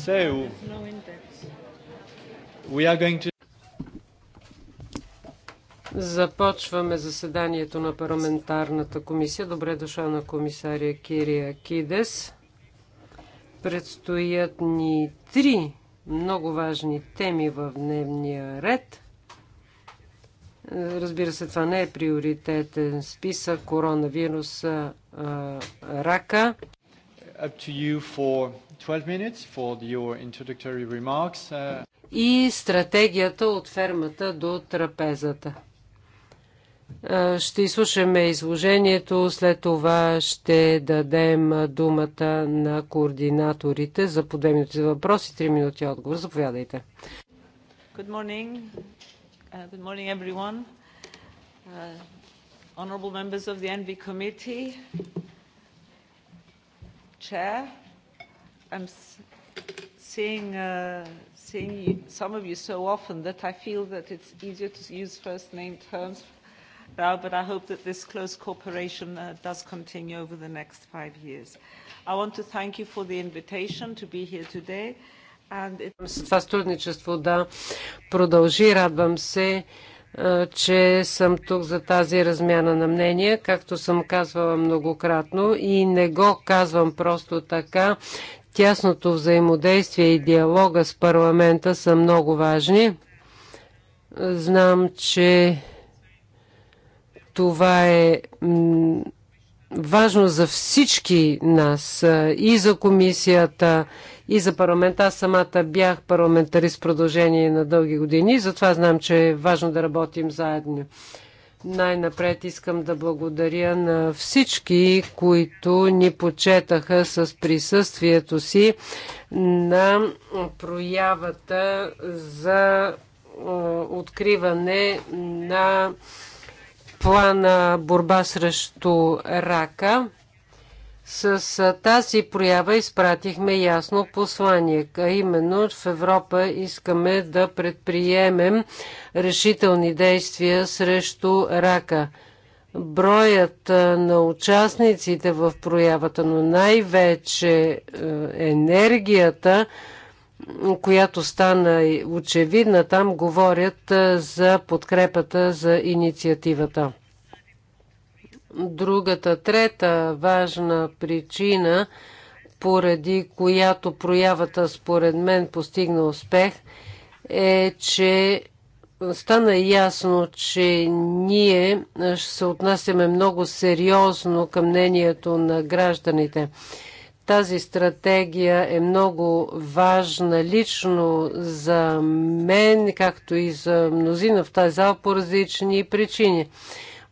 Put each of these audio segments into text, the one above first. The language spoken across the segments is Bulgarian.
So, we are going to... Започваме заседанието на парламентарната комисия. Добре дошла на комисария Кирия Кидес. Предстоят ни три много важни теми в дневния ред. Разбира се, това не е приоритетен списък. Коронавирус, рака. Up to you for Uh, и стратегията от фермата до трапезата. Е, ще изслушаме изложението, след това ще дадем думата на координаторите за по 2 минути въпрос и 3 минути отговор. Заповядайте. Good morning. Uh, good morning everyone. Uh, honorable members of the NV committee, chair, I'm seeing, uh, seeing you, some of you so often that I feel that it's easier to use first name terms now, but I hope that this close cooperation uh, does continue over the next five years. I want to thank you for the invitation to be here today. And it... Това сътрудничество да продължи. Радвам се, че съм тук за тази размяна на мнения, както съм казвала многократно и не го казвам просто така. Тясното взаимодействие и диалога с парламента са много важни. Знам, че това е важно за всички нас, и за комисията, и за парламента. Аз самата бях парламентарист в продължение на дълги години, затова знам, че е важно да работим заедно. Най-напред искам да благодаря на всички, които ни почетаха с присъствието си на проявата за откриване на плана борба срещу рака. С тази проява изпратихме ясно послание, а именно в Европа искаме да предприемем решителни действия срещу рака. Броят на участниците в проявата, но най-вече енергията, която стана очевидна там, говорят за подкрепата за инициативата. Другата, трета важна причина, поради която проявата според мен постигна успех, е, че стана ясно, че ние се отнасяме много сериозно към мнението на гражданите. Тази стратегия е много важна лично за мен, както и за мнозина в тази зала по различни причини.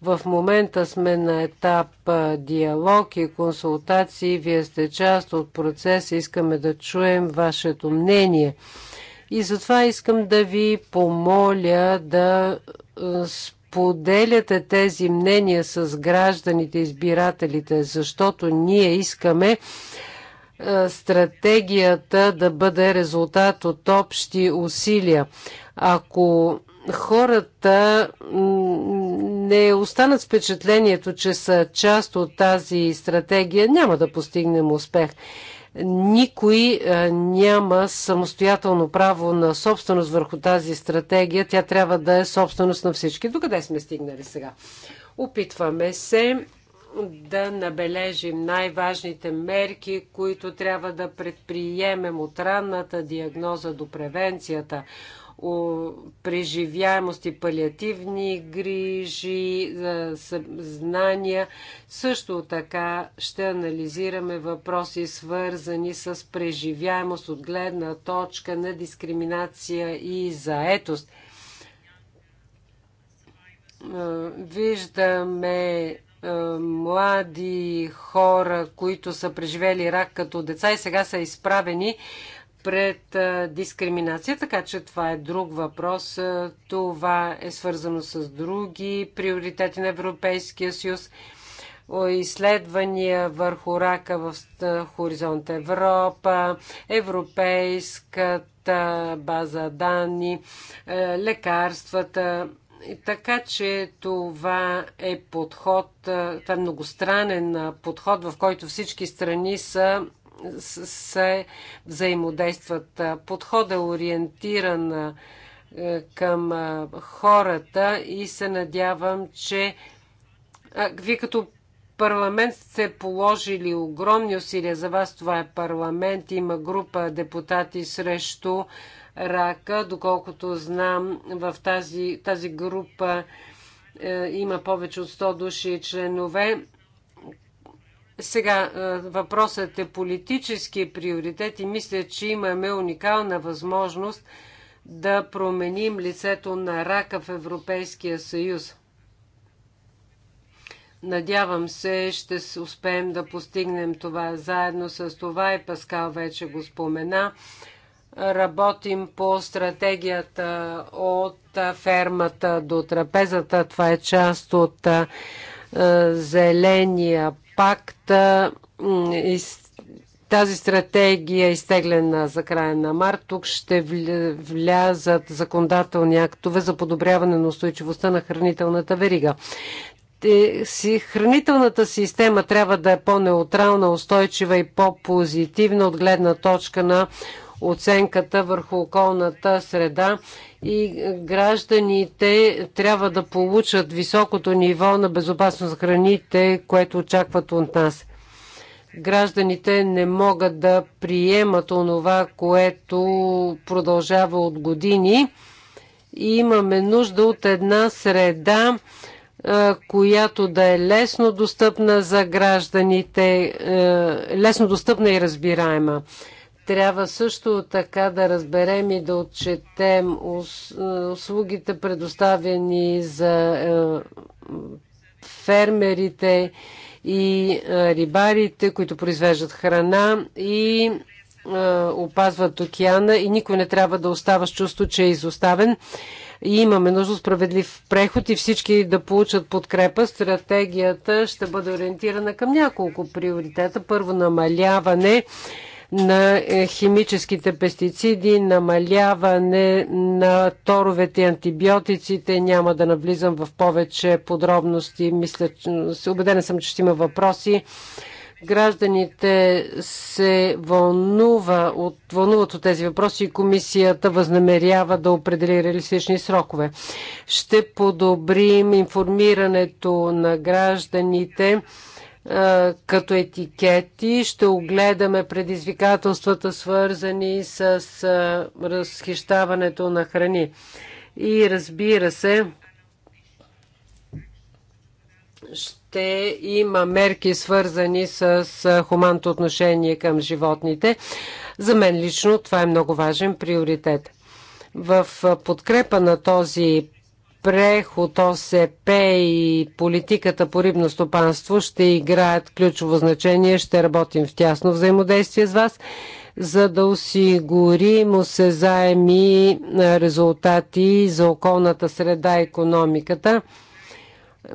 В момента сме на етап диалог и консултации. Вие сте част от процеса. Искаме да чуем вашето мнение. И затова искам да ви помоля да споделяте тези мнения с гражданите, избирателите, защото ние искаме стратегията да бъде резултат от общи усилия. Ако хората не останат с впечатлението, че са част от тази стратегия, няма да постигнем успех. Никой няма самостоятелно право на собственост върху тази стратегия. Тя трябва да е собственост на всички. Докъде сме стигнали сега? Опитваме се да набележим най-важните мерки, които трябва да предприемем от ранната диагноза до превенцията, преживяемост и палиативни грижи, знания. Също така ще анализираме въпроси, свързани с преживяемост от гледна точка на дискриминация и заетост. Виждаме млади хора, които са преживели рак като деца и сега са изправени пред дискриминация, така че това е друг въпрос. Това е свързано с други приоритети на Европейския съюз. Изследвания върху рака в Хоризонт Европа, Европейската база данни, лекарствата. Така че това е подход, това е многостранен подход, в който всички страни са се взаимодействат. Подходът е ориентиран е, към хората и се надявам, че ви като парламент сте положили огромни усилия. За вас това е парламент. Има група депутати срещу рака. Доколкото знам, в тази, тази група е, има повече от 100 души членове. Сега е, въпросът е политически приоритет и мисля, че имаме уникална възможност да променим лицето на рака в Европейския съюз. Надявам се, ще успеем да постигнем това. Заедно с това и Паскал вече го спомена. Работим по стратегията от фермата до трапезата. Това е част от е, е, Зеления пакт. Е, тази стратегия е изтеглена за края на март. Тук ще влязат законодателни актове за подобряване на устойчивостта на хранителната верига хранителната система трябва да е по-неутрална, устойчива и по-позитивна от гледна точка на оценката върху околната среда и гражданите трябва да получат високото ниво на безопасност за храните, което очакват от нас. Гражданите не могат да приемат онова, което продължава от години. И имаме нужда от една среда, която да е лесно достъпна за гражданите, лесно достъпна и разбираема. Трябва също така да разберем и да отчетем е, услугите предоставени за е, фермерите и е, рибарите, които произвеждат храна и опазват океана и никой не трябва да остава с чувство, че е изоставен. И имаме нужда справедлив преход и всички да получат подкрепа. Стратегията ще бъде ориентирана към няколко приоритета. Първо намаляване на е, химическите пестициди, намаляване на торовете и антибиотиците. Няма да навлизам в повече подробности. Мисля, че, убедена съм, че ще има въпроси гражданите се вълнува от, вълнуват от тези въпроси и комисията възнамерява да определи реалистични срокове. Ще подобрим информирането на гражданите като етикети. Ще огледаме предизвикателствата, свързани с разхищаването на храни. И разбира се, ще има мерки, свързани с хуманто отношение към животните. За мен лично това е много важен приоритет. В подкрепа на този преход ОСП и политиката по рибно стопанство ще играят ключово значение. Ще работим в тясно взаимодействие с вас, за да осигурим осезаеми резултати за околната среда и економиката.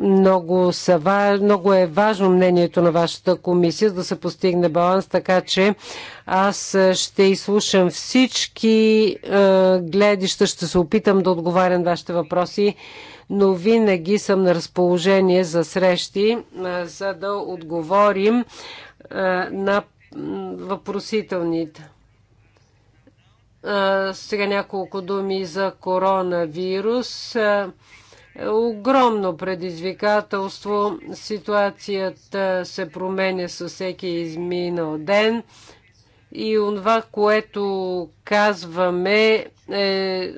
Много, са, много е важно мнението на вашата комисия да се постигне баланс, така че аз ще изслушам всички е, гледища, ще се опитам да отговарям на вашите въпроси, но винаги съм на разположение за срещи, е, за да отговорим е, на въпросителните. Сега няколко думи за коронавирус огромно предизвикателство. Ситуацията се променя със всеки изминал ден и това, което казваме, е,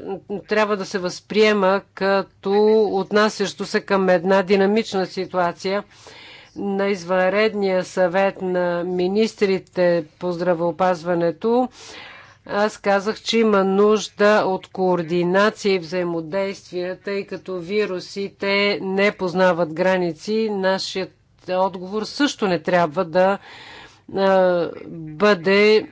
трябва да се възприема като отнасящо се към една динамична ситуация. На извънредния съвет на министрите по здравеопазването аз казах, че има нужда от координация и взаимодействие, тъй като вирусите не познават граници. Нашият отговор също не трябва да а, бъде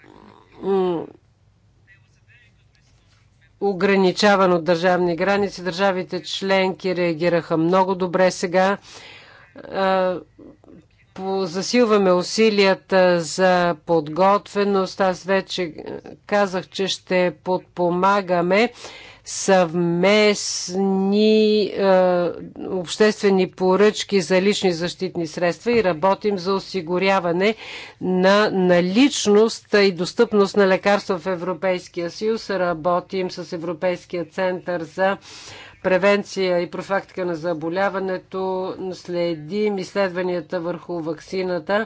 ограничаван от държавни граници. Държавите членки реагираха много добре сега. А, засилваме усилията за подготвеност. Аз вече казах, че ще подпомагаме съвместни е, обществени поръчки за лични защитни средства и работим за осигуряване на наличност и достъпност на лекарства в Европейския съюз. Работим с Европейския център за превенция и профилактика на заболяването, следим изследванията върху ваксината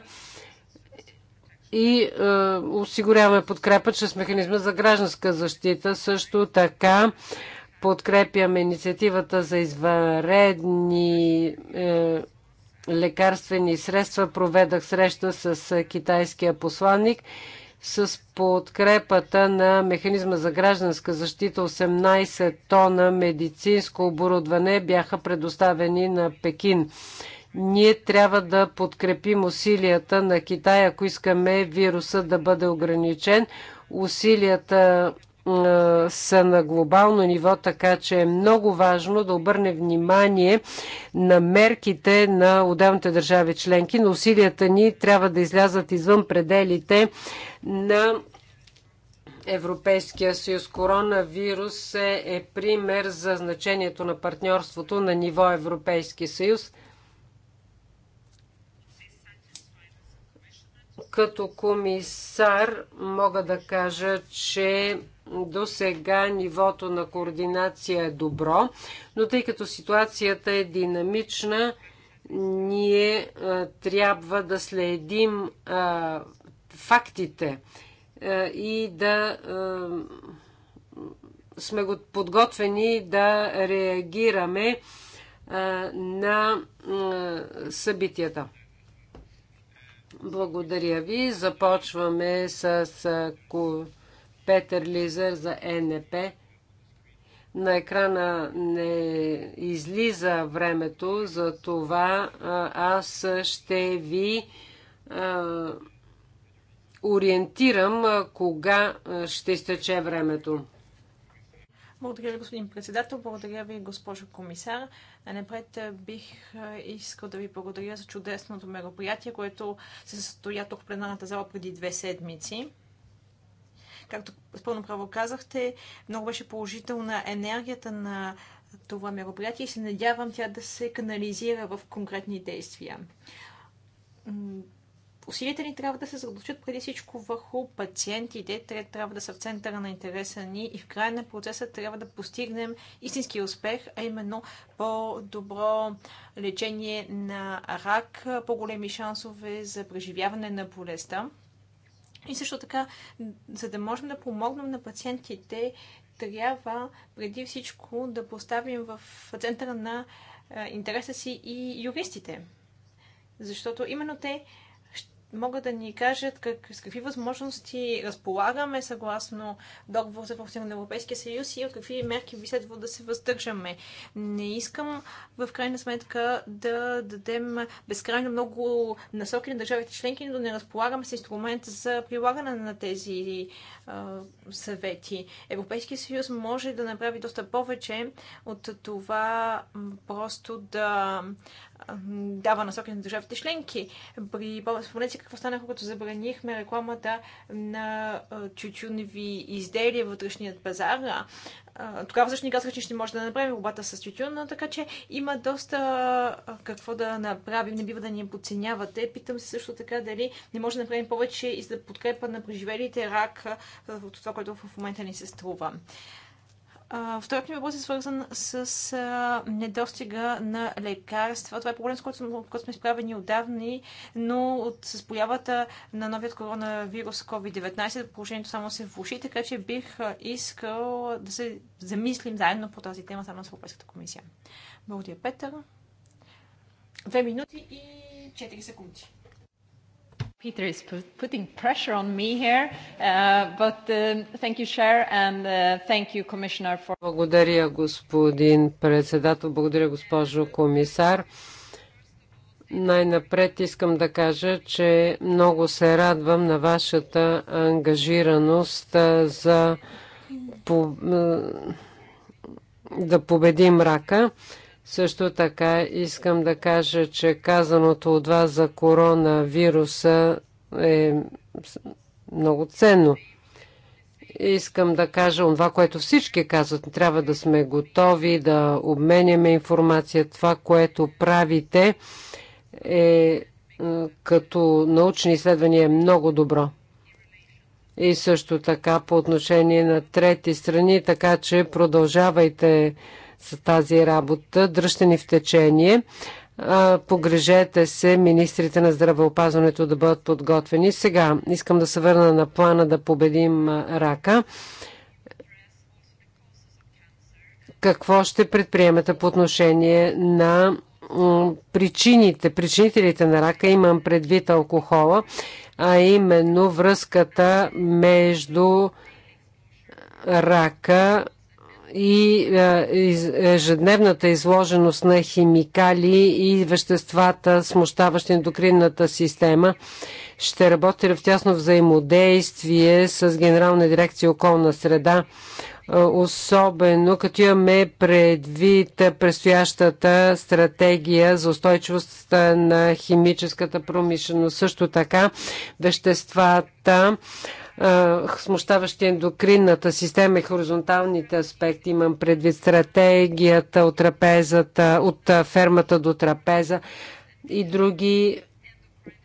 и е, осигуряваме подкрепа чрез механизма за гражданска защита. Също така подкрепяме инициативата за извънредни е, лекарствени средства. Проведах среща с китайския посланник с подкрепата на механизма за гражданска защита 18 тона медицинско оборудване бяха предоставени на Пекин. Ние трябва да подкрепим усилията на Китай, ако искаме вируса да бъде ограничен. Усилията са на глобално ниво, така че е много важно да обърне внимание на мерките на отделните държави членки, но усилията ни трябва да излязат извън пределите на Европейския съюз. Коронавирус е, е пример за значението на партньорството на ниво Европейски съюз. Като комисар мога да кажа, че до сега нивото на координация е добро, но тъй като ситуацията е динамична, ние а, трябва да следим а, фактите а, и да а, сме подготвени да реагираме а, на а, събитията. Благодаря ви. Започваме с. А, ко... Петър Лизър за НП. На екрана не излиза времето, за това аз ще ви а, ориентирам а, кога ще изтече времето. Благодаря ви, господин председател. Благодаря ви, госпожо комисар. напред бих искал да ви благодаря за чудесното мероприятие, което се състоя тук в пленарната зала преди две седмици. Както с пълно право казахте, много беше положителна енергията на това мероприятие и се надявам тя да се канализира в конкретни действия. Усилията ни трябва да се задълчат преди всичко върху пациентите. Те трябва да са в центъра на интереса ни и в края на процеса трябва да постигнем истински успех, а именно по-добро лечение на рак, по-големи шансове за преживяване на болестта. И също така, за да можем да помогнем на пациентите, трябва преди всичко да поставим в центъра на интереса си и юристите. Защото именно те могат да ни кажат как, с какви възможности разполагаме съгласно договор за функциониране на Европейския съюз и от какви мерки би следвало да се въздържаме. Не искам в крайна сметка да дадем безкрайно много насоки на държавите членки, но не разполагаме с инструмент за прилагане на тези а, съвети. Европейския съюз може да направи доста повече от това просто да дава насоки на държавите членки. При спомнете какво стана, когато забранихме рекламата на тютюневи изделия вътрешният пазар. Тогава всъщност ни казаха, че ще може да направим работа с но така че има доста какво да направим. Не бива да ни подценявате. Питам се също така дали не може да направим повече и за подкрепа на преживелите рак от това, което в момента ни се струва. Вторият ми въпрос е свързан с а, недостига на лекарства. Това е проблем, с който, който сме изправени отдавни, но от, с появата на новият коронавирус COVID-19 положението само се влуши, така че бих искал да се замислим заедно по тази тема само с Европейската комисия. Благодаря, Петър. Две минути и 4 секунди. Peter is putting pressure on me here, uh, but uh, thank you, Chair, and uh, thank you, Commissioner, for... Благодаря, господин председател, благодаря, госпожо комисар. Най-напред искам да кажа, че много се радвам на вашата ангажираност за по... да победим рака. Също така искам да кажа, че казаното от вас за коронавируса е много ценно. Искам да кажа това, което всички казват. Трябва да сме готови да обменяме информация. Това, което правите е, е като научни изследвания е много добро. И също така по отношение на трети страни, така че продължавайте за тази работа. Дръжте ни в течение. Погрежете се министрите на здравеопазването да бъдат подготвени. Сега искам да се върна на плана да победим рака. Какво ще предприемете по отношение на причините, причинителите на рака, имам предвид алкохола, а именно връзката между рака и е, ежедневната изложеност на химикали и веществата, смущаващи ендокринната система. Ще работи в тясно взаимодействие с Генерална дирекция околна среда, е, особено като имаме предвид предстоящата стратегия за устойчивост на химическата промишленост. Също така веществата, смущаващи ендокринната система и хоризонталните аспекти. Имам предвид стратегията от трапезата, от фермата до трапеза и други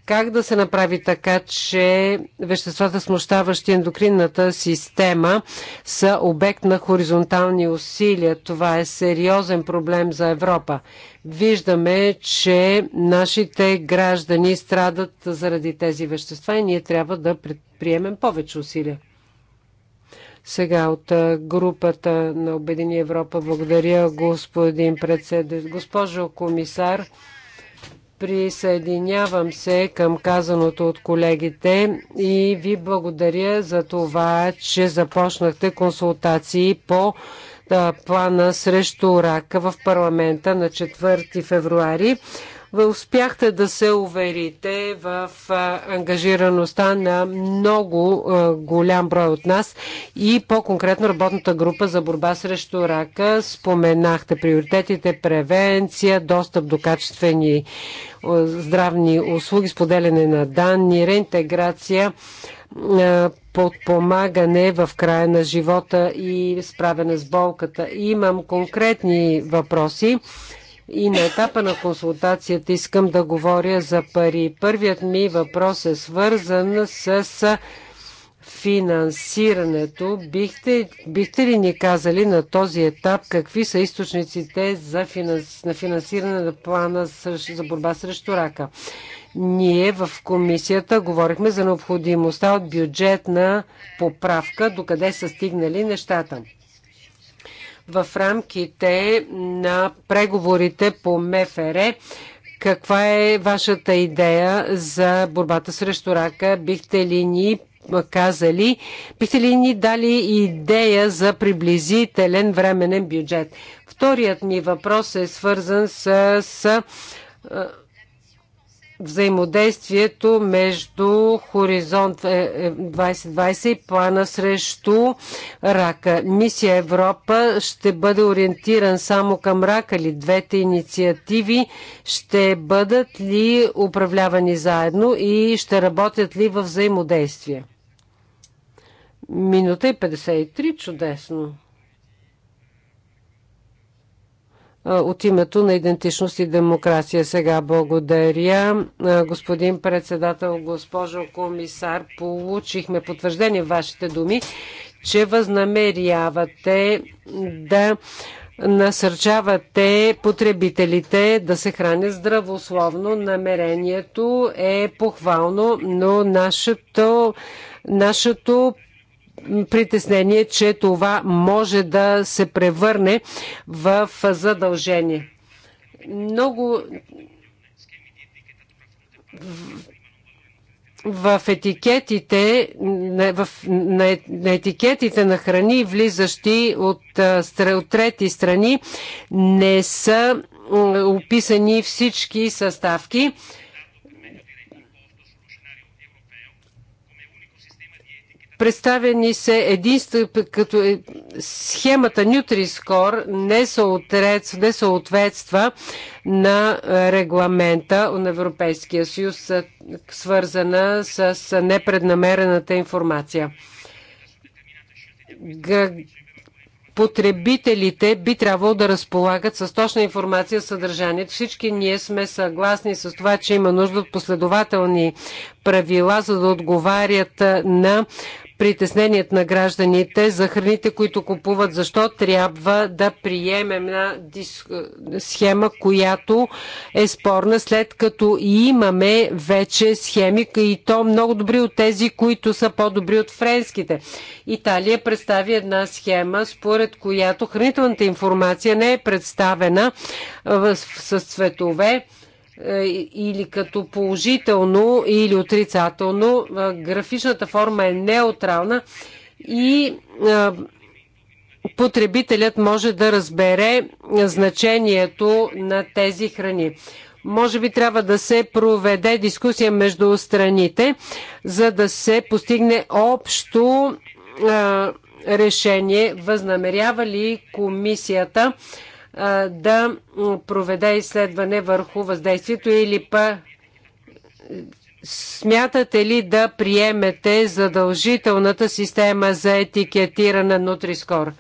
как да се направи така, че веществата, смущаващи ендокринната система, са обект на хоризонтални усилия? Това е сериозен проблем за Европа. Виждаме, че нашите граждани страдат заради тези вещества и ние трябва да предприемем повече усилия. Сега от групата на Обедини Европа. Благодаря, господин председател. Госпожо комисар, Присъединявам се към казаното от колегите и ви благодаря за това, че започнахте консултации по плана срещу рака в парламента на 4 февруари успяхте да се уверите в ангажираността на много голям брой от нас и по-конкретно работната група за борба срещу рака. Споменахте приоритетите, превенция, достъп до качествени здравни услуги, споделяне на данни, реинтеграция подпомагане в края на живота и справяне с болката. Имам конкретни въпроси. И на етапа на консултацията искам да говоря за пари. Първият ми въпрос е свързан с финансирането. Бихте, бихте ли ни казали на този етап какви са източниците за финанс, на финансиране на плана за борба срещу рака? Ние в комисията говорихме за необходимостта от бюджетна поправка, докъде са стигнали нещата в рамките на преговорите по МФР. Каква е вашата идея за борбата срещу рака? Бихте ли ни казали, бихте ли ни дали идея за приблизителен временен бюджет? Вторият ми въпрос е свързан с, с взаимодействието между Хоризонт 2020 е, е, и плана срещу рака. Мисия Европа ще бъде ориентиран само към рака ли? Двете инициативи ще бъдат ли управлявани заедно и ще работят ли в взаимодействие? Минута и 53, чудесно. от името на идентичност и демокрация. Сега благодаря. Господин председател, госпожо комисар, получихме потвърждение в вашите думи, че възнамерявате да насърчавате потребителите да се хранят здравословно. Намерението е похвално, но нашето, нашето притеснение, че това може да се превърне в задължение. Много в етикетите, на, на етикетите на храни, влизащи от, от трети страни, не са описани всички съставки. Представени се единство, като е, схемата Nutri-Score не не съответства на е, регламента на Европейския съюз, е, свързана с непреднамерената информация. Потребителите би трябвало да разполагат с точна информация за съдържанието. Всички ние сме съгласни с това, че има нужда от последователни правила, за да отговарят на притеснението на гражданите за храните, които купуват, защо трябва да приемем на схема, която е спорна, след като имаме вече схеми и то много добри от тези, които са по-добри от френските. Италия представи една схема, според която хранителната информация не е представена с цветове е, или като положително или отрицателно. Е, графичната форма е неутрална и е, потребителят може да разбере значението на тези храни. Може би трябва да се проведе дискусия между страните, за да се постигне общо решение. Възнамерява ли комисията да проведе изследване върху въздействието или па смятате ли да приемете задължителната система за етикетиране на nutri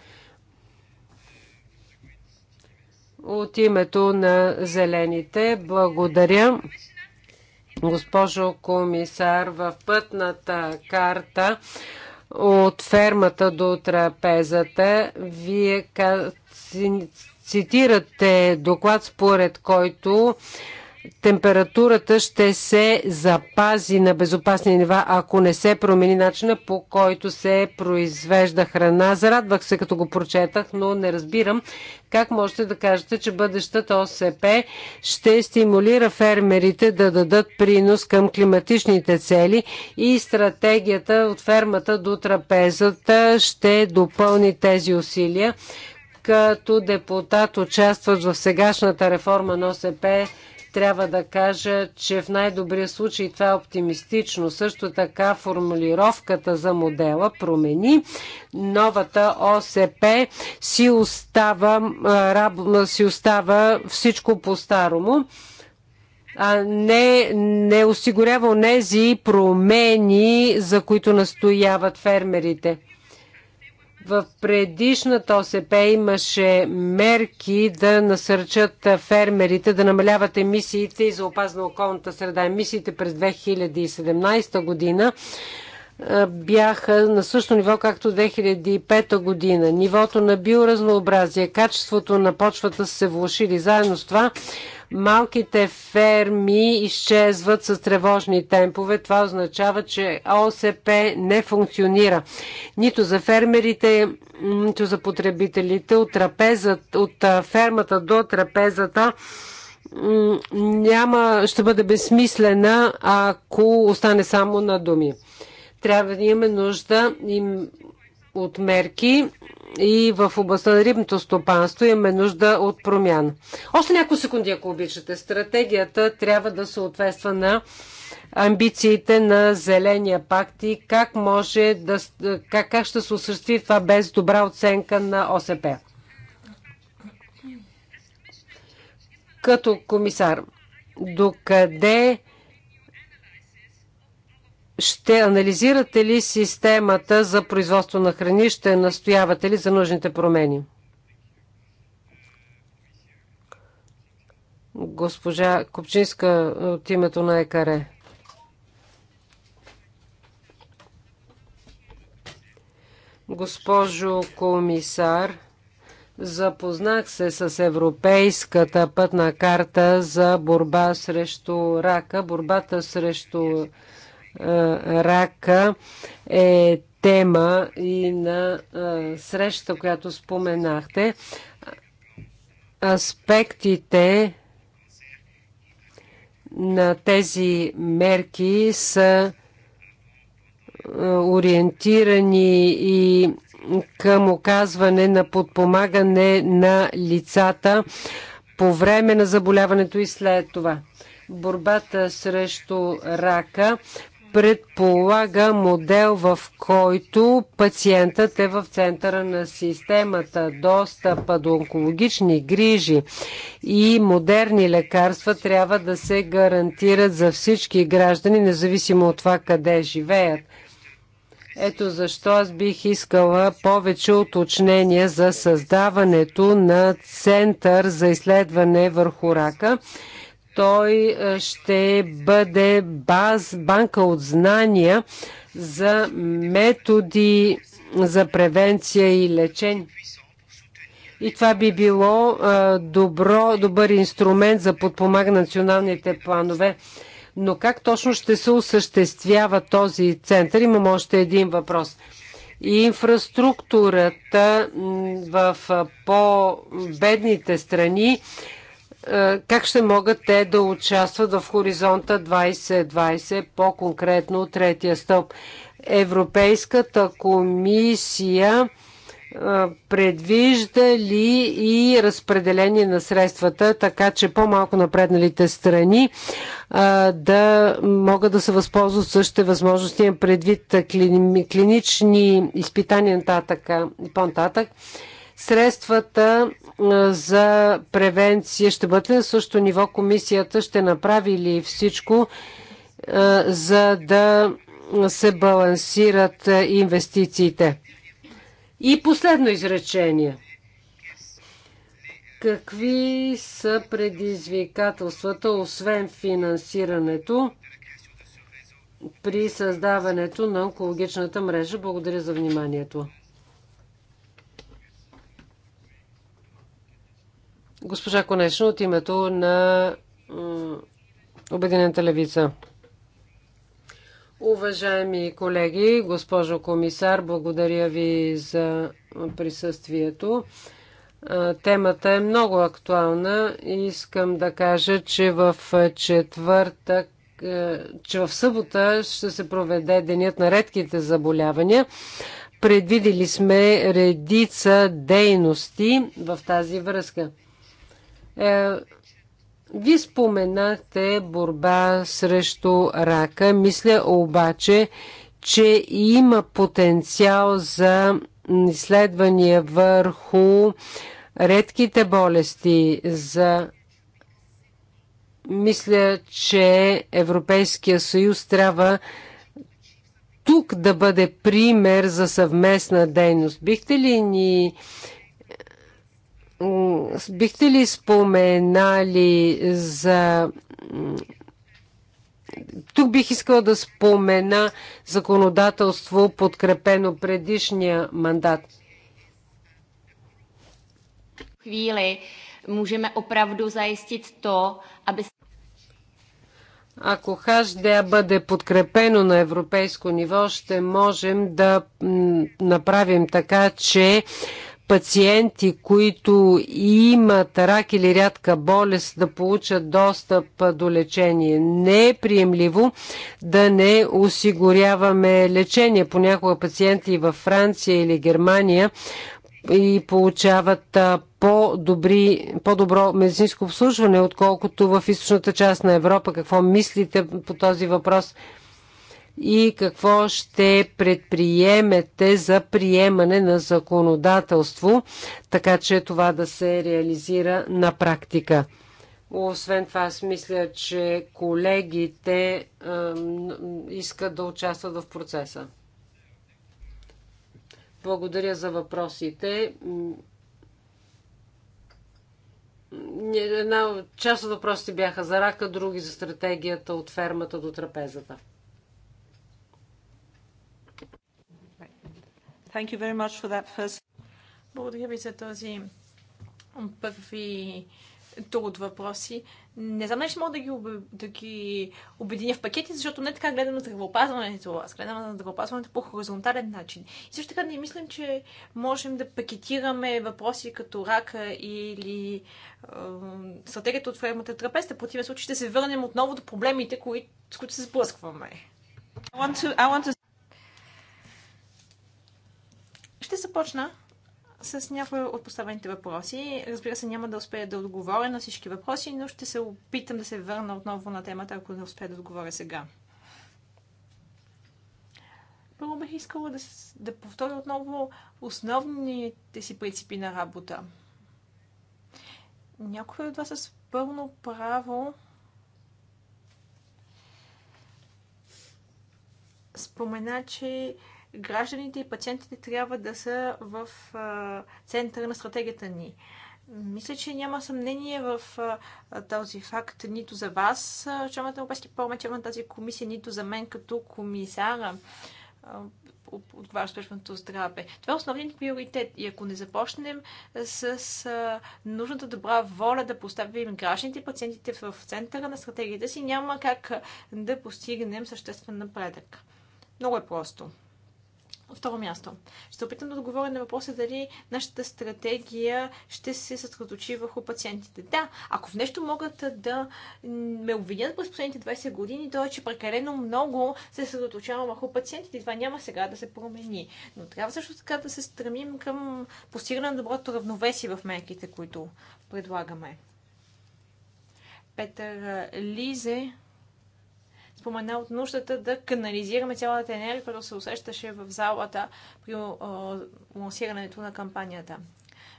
От името на зелените, благодаря. Госпожо комисар, в пътната карта от фермата до трапезата, вие цитирате доклад, според който температурата ще се запази на безопасни нива, ако не се промени начина по който се произвежда храна. Зарадвах се, като го прочетах, но не разбирам как можете да кажете, че бъдещата ОСП ще стимулира фермерите да дадат принос към климатичните цели и стратегията от фермата до трапезата ще допълни тези усилия. Като депутат, участващ в сегашната реформа на ОСП, трябва да кажа, че в най-добрия случай това е оптимистично. Също така формулировката за модела промени. Новата ОСП си остава, си остава всичко по-старому а не, не осигурява онези промени, за които настояват фермерите. В предишната ОСП имаше мерки да насърчат фермерите да намаляват емисиите и за опазна околната среда. Емисиите през 2017 година бяха на същото ниво, както 2005 година. Нивото на биоразнообразие, качеството на почвата са се влошили, Заедно с това Малките ферми изчезват с тревожни темпове. Това означава, че ОСП не функционира. Нито за фермерите, нито за потребителите. От, трапезът, от фермата до трапезата няма, ще бъде безсмислена, ако остане само на думи. Трябва да имаме нужда им от мерки и в областта на рибното стопанство имаме нужда от промян. Още няколко секунди, ако обичате. Стратегията трябва да съответства на амбициите на Зеления пакт и как може да, как, как ще се осъществи това без добра оценка на ОСП. Като комисар, докъде ще анализирате ли системата за производство на храни? Ще настоявате ли за нужните промени? Госпожа Копчинска от името на ЕКАРЕ. Госпожо комисар, запознах се с Европейската пътна карта за борба срещу рака. Борбата срещу рака е, рака е тема и на е, среща, която споменахте. Аспектите на тези мерки са е, ориентирани и към оказване на подпомагане на лицата по време на заболяването и след това борбата срещу рака предполага модел, в който пациентът е в центъра на системата. Достъпа до онкологични грижи и модерни лекарства трябва да се гарантират за всички граждани, независимо от това къде живеят. Ето защо аз бих искала повече уточнения за създаването на център за изследване върху рака той е, ще бъде баз, банка от знания за методи за превенция и лечение. И това би било е, добро, добър инструмент за подпомага националните планове. Но как точно ще се осъществява този център? Имам още един въпрос. Инфраструктурата в е, по-бедните страни е, как ще могат те да участват в Хоризонта 2020, по-конкретно третия стълб. Европейската комисия е, предвижда ли и разпределение на средствата, така че по-малко напредналите страни е, да могат да се възползват същите възможности, предвид клинични изпитания нататък, по-нататък. по по нататък Средствата за превенция ще бъдат ли на същото ниво? Комисията ще направи ли всичко, за да се балансират инвестициите? И последно изречение. Какви са предизвикателствата, освен финансирането, при създаването на онкологичната мрежа? Благодаря за вниманието. Госпожа Конечно от името на Обединената левица. Уважаеми колеги, госпожо комисар, благодаря ви за присъствието. Темата е много актуална и искам да кажа, че в четвъртък, е, че в събота ще се проведе Денят на редките заболявания. Предвидели сме редица дейности в тази връзка. Е, Вие споменахте борба срещу рака. Мисля обаче, че има потенциал за изследвания върху редките болести за мисля, че Европейския съюз трябва тук да бъде пример за съвместна дейност. Бихте ли ни бихте ли споменали за... Тук бих искала да спомена законодателство, подкрепено предишния мандат. Хвили можем оправду zajistit то, аби... ако ХДА бъде подкрепено на европейско ниво, ще можем да направим така, че пациенти, които имат рак или рядка болест, да получат достъп до лечение. Не е приемливо да не осигуряваме лечение. Понякога пациенти във Франция или Германия и получават по-добри, по-добро медицинско обслужване, отколкото в източната част на Европа. Какво мислите по този въпрос? и какво ще предприемете за приемане на законодателство, така че това да се реализира на практика. Освен това, аз мисля, че колегите е, искат да участват в процеса. Благодаря за въпросите. Една част от въпросите бяха за рака, други за стратегията от фермата до трапезата. Thank you very much for that first... Благодаря ви за този първи тур от въпроси. Не знам дали ще мога да ги, об... да ги обединя в пакети, защото не така гледам на здравеопазването. Аз гледам на здравеопазването по хоризонтален начин. И също така не мислим, че можем да пакетираме въпроси като рака или э, стратегията от фермата трапеста. В противен случай ще се върнем отново до проблемите, кои... с които се сблъскваме. I want to, I want to... Ще започна с някои от поставените въпроси. Разбира се, няма да успея да отговоря на всички въпроси, но ще се опитам да се върна отново на темата, ако не успея да отговоря сега. Първо бих искала да, да повторя отново основните си принципи на работа. Някои от вас с пълно право спомена, че гражданите и пациентите трябва да са в центъра на стратегията ни. Мисля, че няма съмнение в този факт нито за вас, членовете на Европейски парламент, членове на тази комисия, нито за мен като комисара отговарящ успешното здраве. Това е основният приоритет. И ако не започнем с а, нужната добра воля да поставим гражданите и пациентите в центъра на стратегията си, няма как да постигнем съществен напредък. Много е просто второ място. Ще опитам да отговоря на въпроса дали нашата стратегия ще се съсредоточи върху пациентите. Да, ако в нещо могат да ме обвинят през последните 20 години, то е, че прекалено много се съсредоточавам върху пациентите. Това няма сега да се промени. Но трябва също така да се стремим към постигане на доброто равновесие в мерките, които предлагаме. Петър Лизе спомена от нуждата да канализираме цялата енергия, която се усещаше в залата при лансирането на кампанията.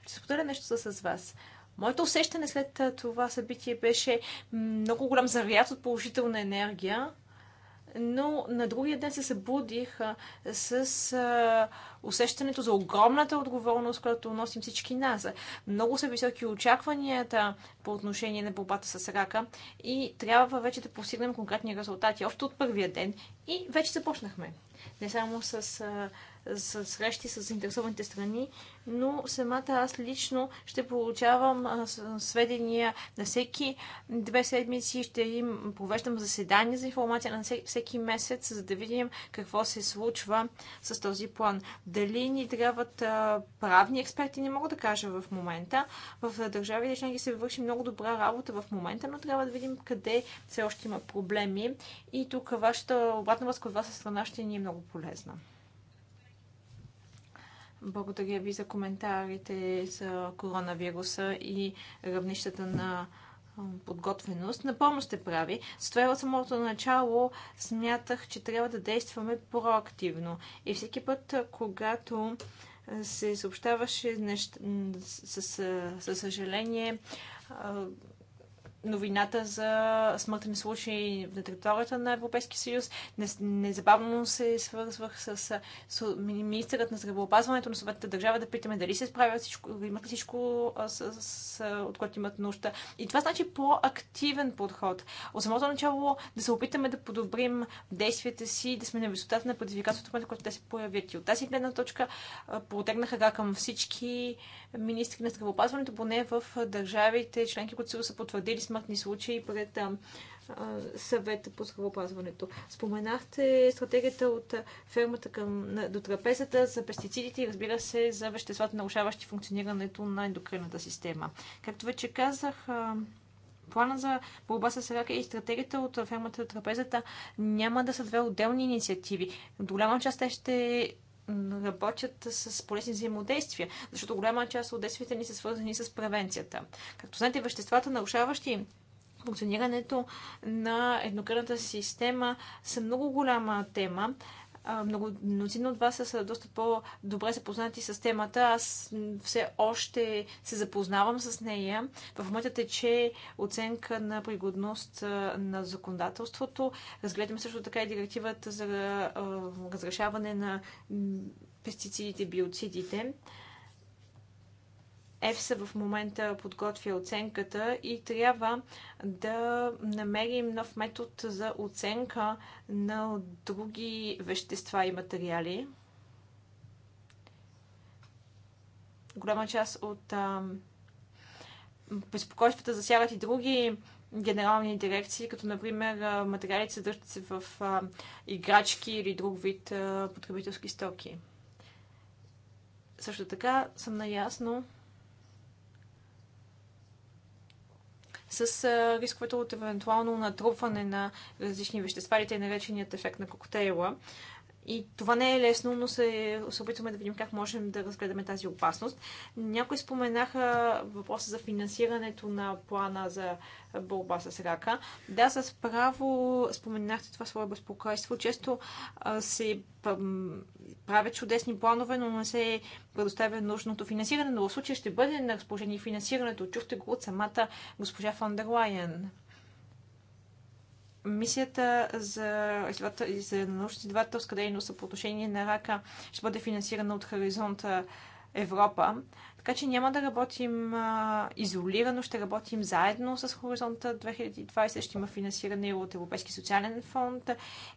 Ще споделя нещо с вас. Моето усещане след това събитие беше много голям заряд от положителна енергия, но на другия ден се събудих с усещането за огромната отговорност, която носим всички нас. Много са високи очакванията по отношение на борбата с рака и трябва вече да постигнем конкретни резултати още от първия ден и вече започнахме. Не само с с срещи с заинтересованите страни, но самата аз лично ще получавам сведения на всеки две седмици, ще им провеждам заседания за информация на всеки месец, за да видим какво се случва с този план. Дали ни трябват правни експерти, не мога да кажа в момента. В държавите членки се върши много добра работа в момента, но трябва да видим къде все още има проблеми и тук вашата обратна връзка от вас страна ще ни е много полезна. Благодаря ви за коментарите за коронавируса и равнищата на подготвеност. Напълно сте прави. Затова от самото начало смятах, че трябва да действаме проактивно. И всеки път, когато се съобщаваше нещ... с, с, съжаление новината за смъртни случаи на територията на Европейския съюз. Незабавно се свързвах с министърът на здравеопазването на съветната държава да питаме дали се справят всичко, имат всичко, с, с, от което имат нужда. И това значи по-активен подход. От самото начало да се опитаме да подобрим действията си, да сме на висотата на предизвикателството, на което те се появят. И от тази гледна точка протегнаха ръка към всички министри на здравеопазването, поне в държавите, членки, които са потвърдили смъртни случаи пред съвета по здравеопазването. Споменахте стратегията от фермата към, до трапезата за пестицидите и разбира се за веществата, нарушаващи функционирането на ендокринната система. Както вече казах, плана за борба с рака и стратегията от фермата до трапезата няма да са две отделни инициативи. голяма част те ще работят с полезни взаимодействия, защото голяма част от действията ни са свързани с превенцията. Както знаете, веществата, нарушаващи функционирането на еднократната система са много голяма тема. Много мнозина от вас са доста по-добре запознати с темата. Аз все още се запознавам с нея. В момента тече оценка на пригодност на законодателството. Разгледаме също така и директивата за разрешаване на пестицидите, биоцидите. ЕФСА в момента подготвя оценката и трябва да намерим нов метод за оценка на други вещества и материали. Голяма част от а, безпокойствата засягат и други генерални дирекции, като например материалите съдържат се в а, играчки или друг вид а, потребителски стоки. Също така съм наясно, с рисковете от евентуално натрупване на различни вещества или те нареченият ефект на коктейла. И това не е лесно, но се, се опитваме да видим как можем да разгледаме тази опасност. Някои споменаха въпроса за финансирането на плана за борба с рака. Да, с право споменахте това свое безпокойство. Често се правят чудесни планове, но не се предоставя нужното финансиране. Но в случая ще бъде на разположение финансирането. Чухте го от самата госпожа Фондерлайен. Мисията за, за научно-изследователска дейност по отношение на рака ще бъде финансирана от Хоризонта Европа. Така че няма да работим а, изолирано, ще работим заедно с Хоризонта 2020, ще има финансиране от Европейски социален фонд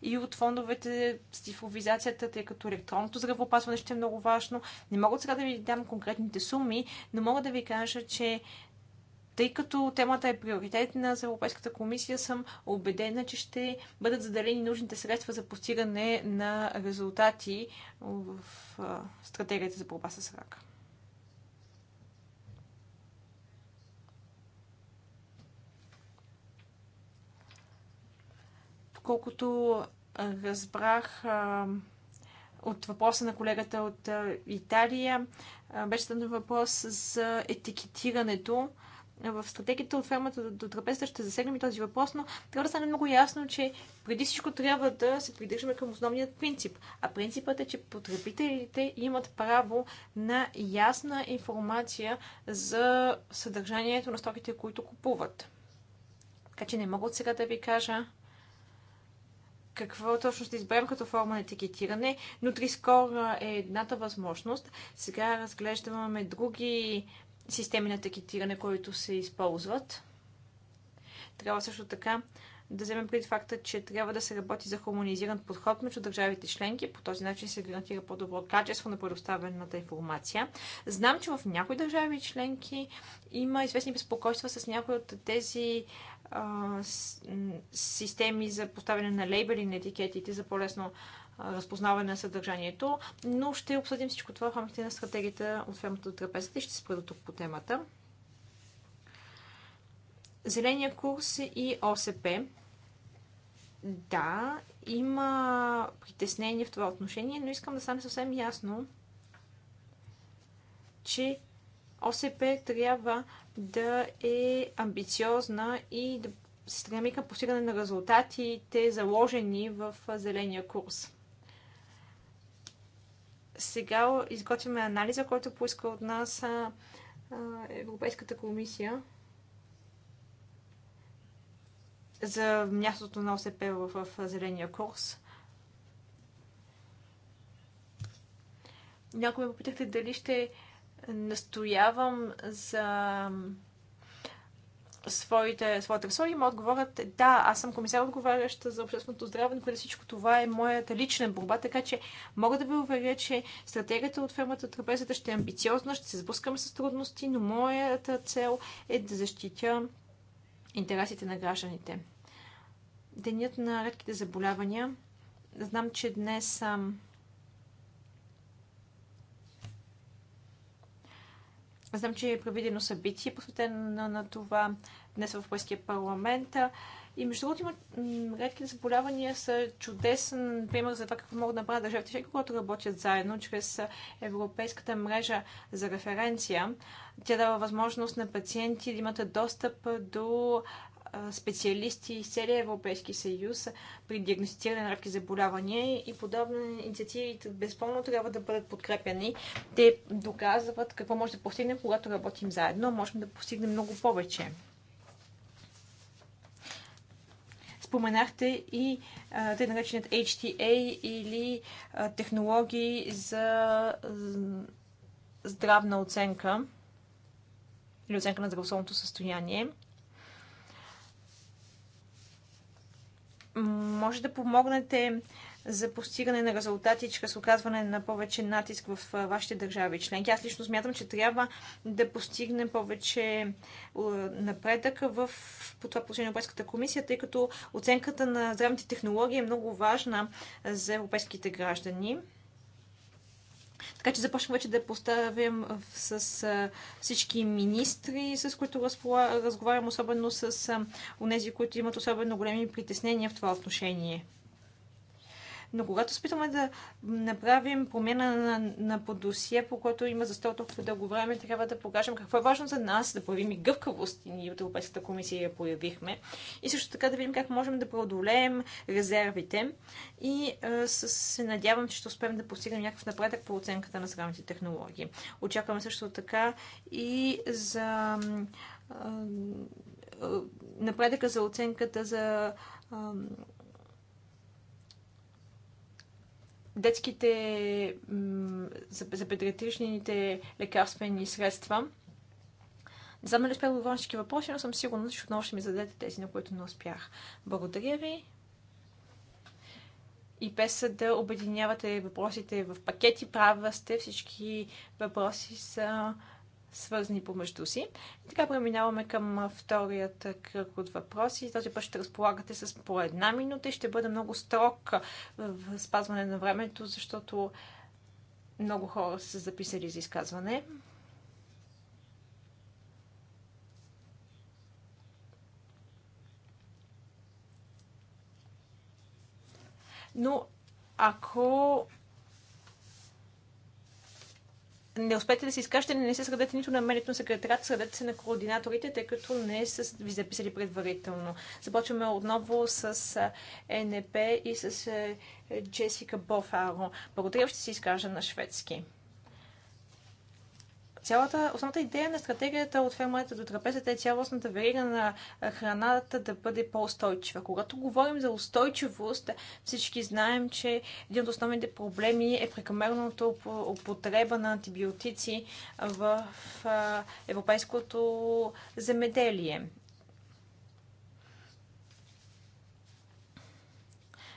и от фондовете с цифровизацията, тъй като електронното здравеопазване ще е много важно. Не мога сега да ви дам конкретните суми, но мога да ви кажа, че тъй като темата е приоритетна за Европейската комисия, съм убедена, че ще бъдат заделени нужните средства за постигане на резултати в стратегията за борба с рака. Колкото разбрах от въпроса на колегата от Италия, беше на въпрос за етикетирането в стратегията от фермата до трапезата ще засегнем и този въпрос, но трябва да стане много ясно, че преди всичко трябва да се придържаме към основният принцип. А принципът е, че потребителите имат право на ясна информация за съдържанието на стоките, които купуват. Така че не мога от сега да ви кажа какво точно ще изберем като форма на етикетиране. Нутрискор е едната възможност. Сега разглеждаме други системи на текетиране, които се използват. Трябва също така да вземем пред факта, че трябва да се работи за хармонизиран подход между държавите членки. По този начин се гарантира по-добро качество на предоставената информация. Знам, че в някои държави членки има известни безпокойства с някои от тези а, с, системи за поставяне на лейбели на етикетите за по-лесно разпознаване на съдържанието, но ще обсъдим всичко това в рамките на стратегията от фермата до трапезата и ще спра тук по темата. Зеления курс и ОСП. Да, има притеснение в това отношение, но искам да стане съвсем ясно, че ОСП трябва да е амбициозна и да се стреми към постигане на резултатите, заложени в зеления курс. Сега изготвяме анализа, който поиска от нас Европейската комисия за мястото на ОСП в зеления курс. Някой ме попитахте дали ще настоявам за своите, своята ресор и му отговорят да, аз съм комисар отговаряща за общественото здраве, но преди всичко това е моята лична борба, така че мога да ви уверя, че стратегията от фермата трапезата ще е амбициозна, ще се сблъскаме с трудности, но моята цел е да защитя интересите на гражданите. Денят на редките заболявания. Знам, че днес съм Знам, че е проведено събитие, посветено на, това днес в Польския парламент. И между другото, има редки заболявания са чудесен пример за това какво могат да направят държавите членки, когато работят заедно чрез Европейската мрежа за референция. Тя дава възможност на пациенти да имат достъп до специалисти из целия Европейски съюз при диагностициране на редки заболявания и подобни инициативи безпълно трябва да бъдат подкрепени. Те доказват какво може да постигнем, когато работим заедно. Можем да постигнем много повече. Споменахте и те наречените HTA или технологии за здравна оценка или оценка на здравословното състояние. може да помогнете за постигане на резултати чрез оказване на повече натиск в вашите държави членки. Аз лично смятам, че трябва да постигнем повече напредък в, по това положение на Европейската комисия, тъй като оценката на здравните технологии е много важна за европейските граждани. Така че започнах вече да поставям с всички министри, с които разговарям, особено с онези, които имат особено големи притеснения в това отношение. Но когато спитаме да направим промяна на, на подосие, по което има за стол толкова дълго време, трябва да покажем какво е важно за нас, да проявим и гъвкавост и ние от Европейската комисия я появихме И също така да видим как можем да преодолеем резервите и а, с, се надявам, че ще успеем да постигнем някакъв напредък по оценката на здравните технологии. Очакваме също така и за напредъка за оценката за детските, за, за педиатричните лекарствени средства. Не знам дали успях да отговоря всички въпроси, но съм сигурна, че отново ще ми зададете тези, на които не успях. Благодаря ви. И без да обединявате въпросите в пакети, права сте, всички въпроси са свързани помежду си. И така преминаваме към вторият кръг от въпроси. Този път ще разполагате с по една минута и ще бъде много строг в спазване на времето, защото много хора са записали за изказване. Но ако не успеете да се изкажете, не се сърдете нито на мен, нито на секретарата, сърдете се на координаторите, тъй като не са ви записали предварително. Започваме отново с НП и с Джесика Бофаро. Благодаря, ще се изкажа на шведски. Цялата основната идея на стратегията от фермата до трапезата е цялостната верига на храната да бъде по-устойчива. Когато говорим за устойчивост, всички знаем, че един от основните проблеми е прекомерното употреба на антибиотици в европейското земеделие.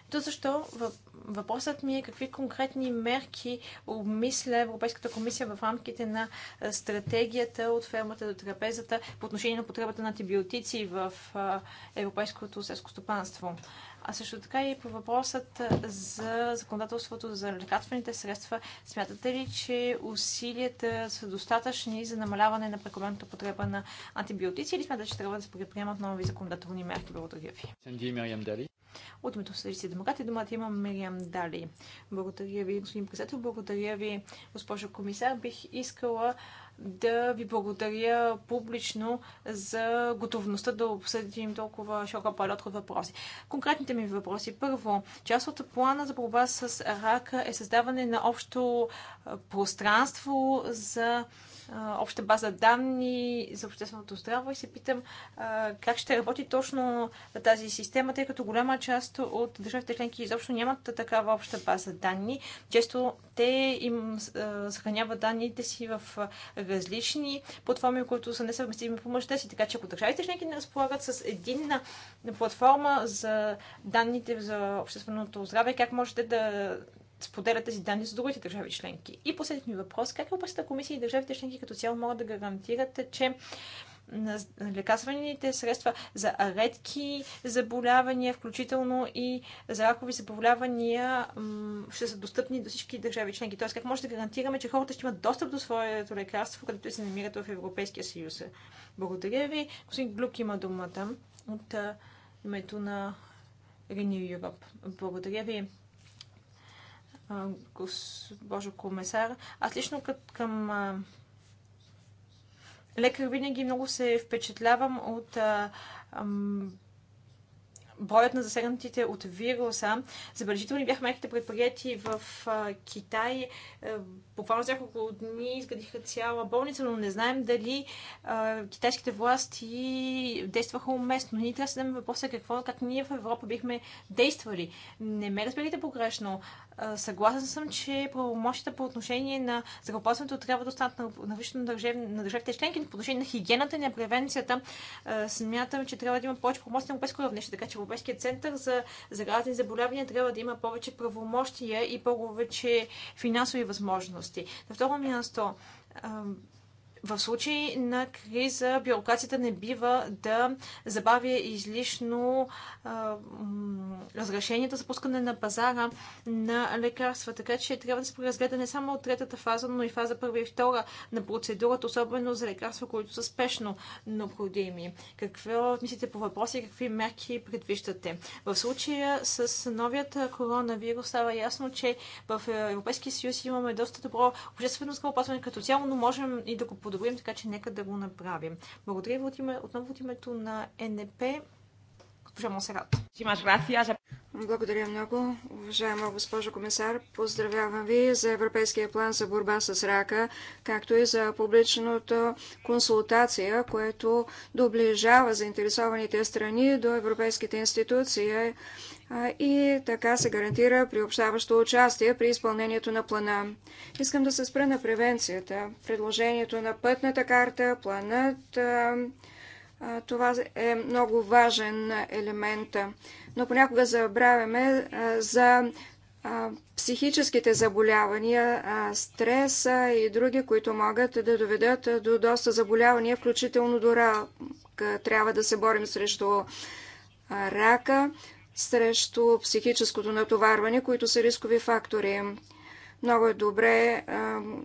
То защо въпросът ми е какви конкретни мерки обмисля Европейската комисия в рамките на стратегията от фермата до трапезата по отношение на потребата на антибиотици в европейското селско стопанство. А също така и по въпросът за законодателството за лекарствените средства, смятате ли, че усилията са достатъчни за намаляване на прекомерната потреба на антибиотици или смятате, че трябва да се предприемат нови законодателни мерки? Благодаря ви. От името Рисия демократи думата има Мириам Дали. Благодаря ви, господин председател, благодаря ви, госпожо комисар. Бих искала да ви благодаря публично за готовността да обсъдим толкова широка палетка от въпроси. Конкретните ми въпроси. Първо, част от плана за борба с рака е създаване на общо пространство за обща база данни за общественото здраво и се питам как ще работи точно тази система, тъй като голяма част от държавите членки изобщо нямат такава обща база данни. Често те им съхраняват данните си в различни платформи, които са несъвместими по мъжта си. Така че ако държавите членки не разполагат с единна платформа за данните за общественото здраве, как можете да Споделят тези данни с другите държави членки. И последният ми въпрос, как е опасната комисия и държавите членки като цяло могат да гарантират, че лекарствените средства за редки заболявания, включително и за ракови заболявания, ще са достъпни до всички държави членки. Тоест, как може да гарантираме, че хората ще имат достъп до своето лекарство, където се намират в Европейския съюз? Благодаря ви. Господин Глюк има думата от името на Renew Europe. Благодаря ви, госпожо комесар. Аз лично към лекар винаги много се впечатлявам от а, ам, броят на засегнатите от вируса. Забележителни бяха мерките предприяти в а, Китай. А, е, буквално за няколко дни изградиха цяла болница, но не знаем дали а, китайските власти действаха уместно. Ние трябва да се дадем въпроса какво, как ние в Европа бихме действали. Не ме разберете погрешно. Съгласен съм, че правомощите по отношение на здравеопазването трябва да останат на висшето на, държав, на държавите членки, по отношение на хигиената и на превенцията. Смятам, че трябва да има повече помощ на европейско равнище, така че Европейският център за заразни заболявания трябва да има повече правомощия и повече финансови възможности. На второ място, в случай на криза бюрокрацията не бива да забавя излишно разрешението за пускане на пазара на лекарства. Така че трябва да се преразгледа не само от третата фаза, но и фаза първа и втора на процедурата, особено за лекарства, които са спешно необходими. Какво мислите по въпроси и какви мерки предвиждате? В случая с новият коронавирус става ясно, че в Европейския съюз имаме доста добро обществено здравеопазване като цяло, но можем и да го подобрим, така че нека да го направим. Благодаря ви от име, отново от името на НП. Госпожа Монсерат. Благодаря много, уважаема госпожо комисар. Поздравявам ви за Европейския план за борба с рака, както и за публичната консултация, което доближава заинтересованите страни до европейските институции и така се гарантира приобщаващо участие при изпълнението на плана. Искам да се спра на превенцията. Предложението на пътната карта, планът, това е много важен елемент. Но понякога забравяме за психическите заболявания, стреса и други, които могат да доведат до доста заболявания, включително до рак. Трябва да се борим срещу рака, срещу психическото натоварване, които са рискови фактори. Много е добре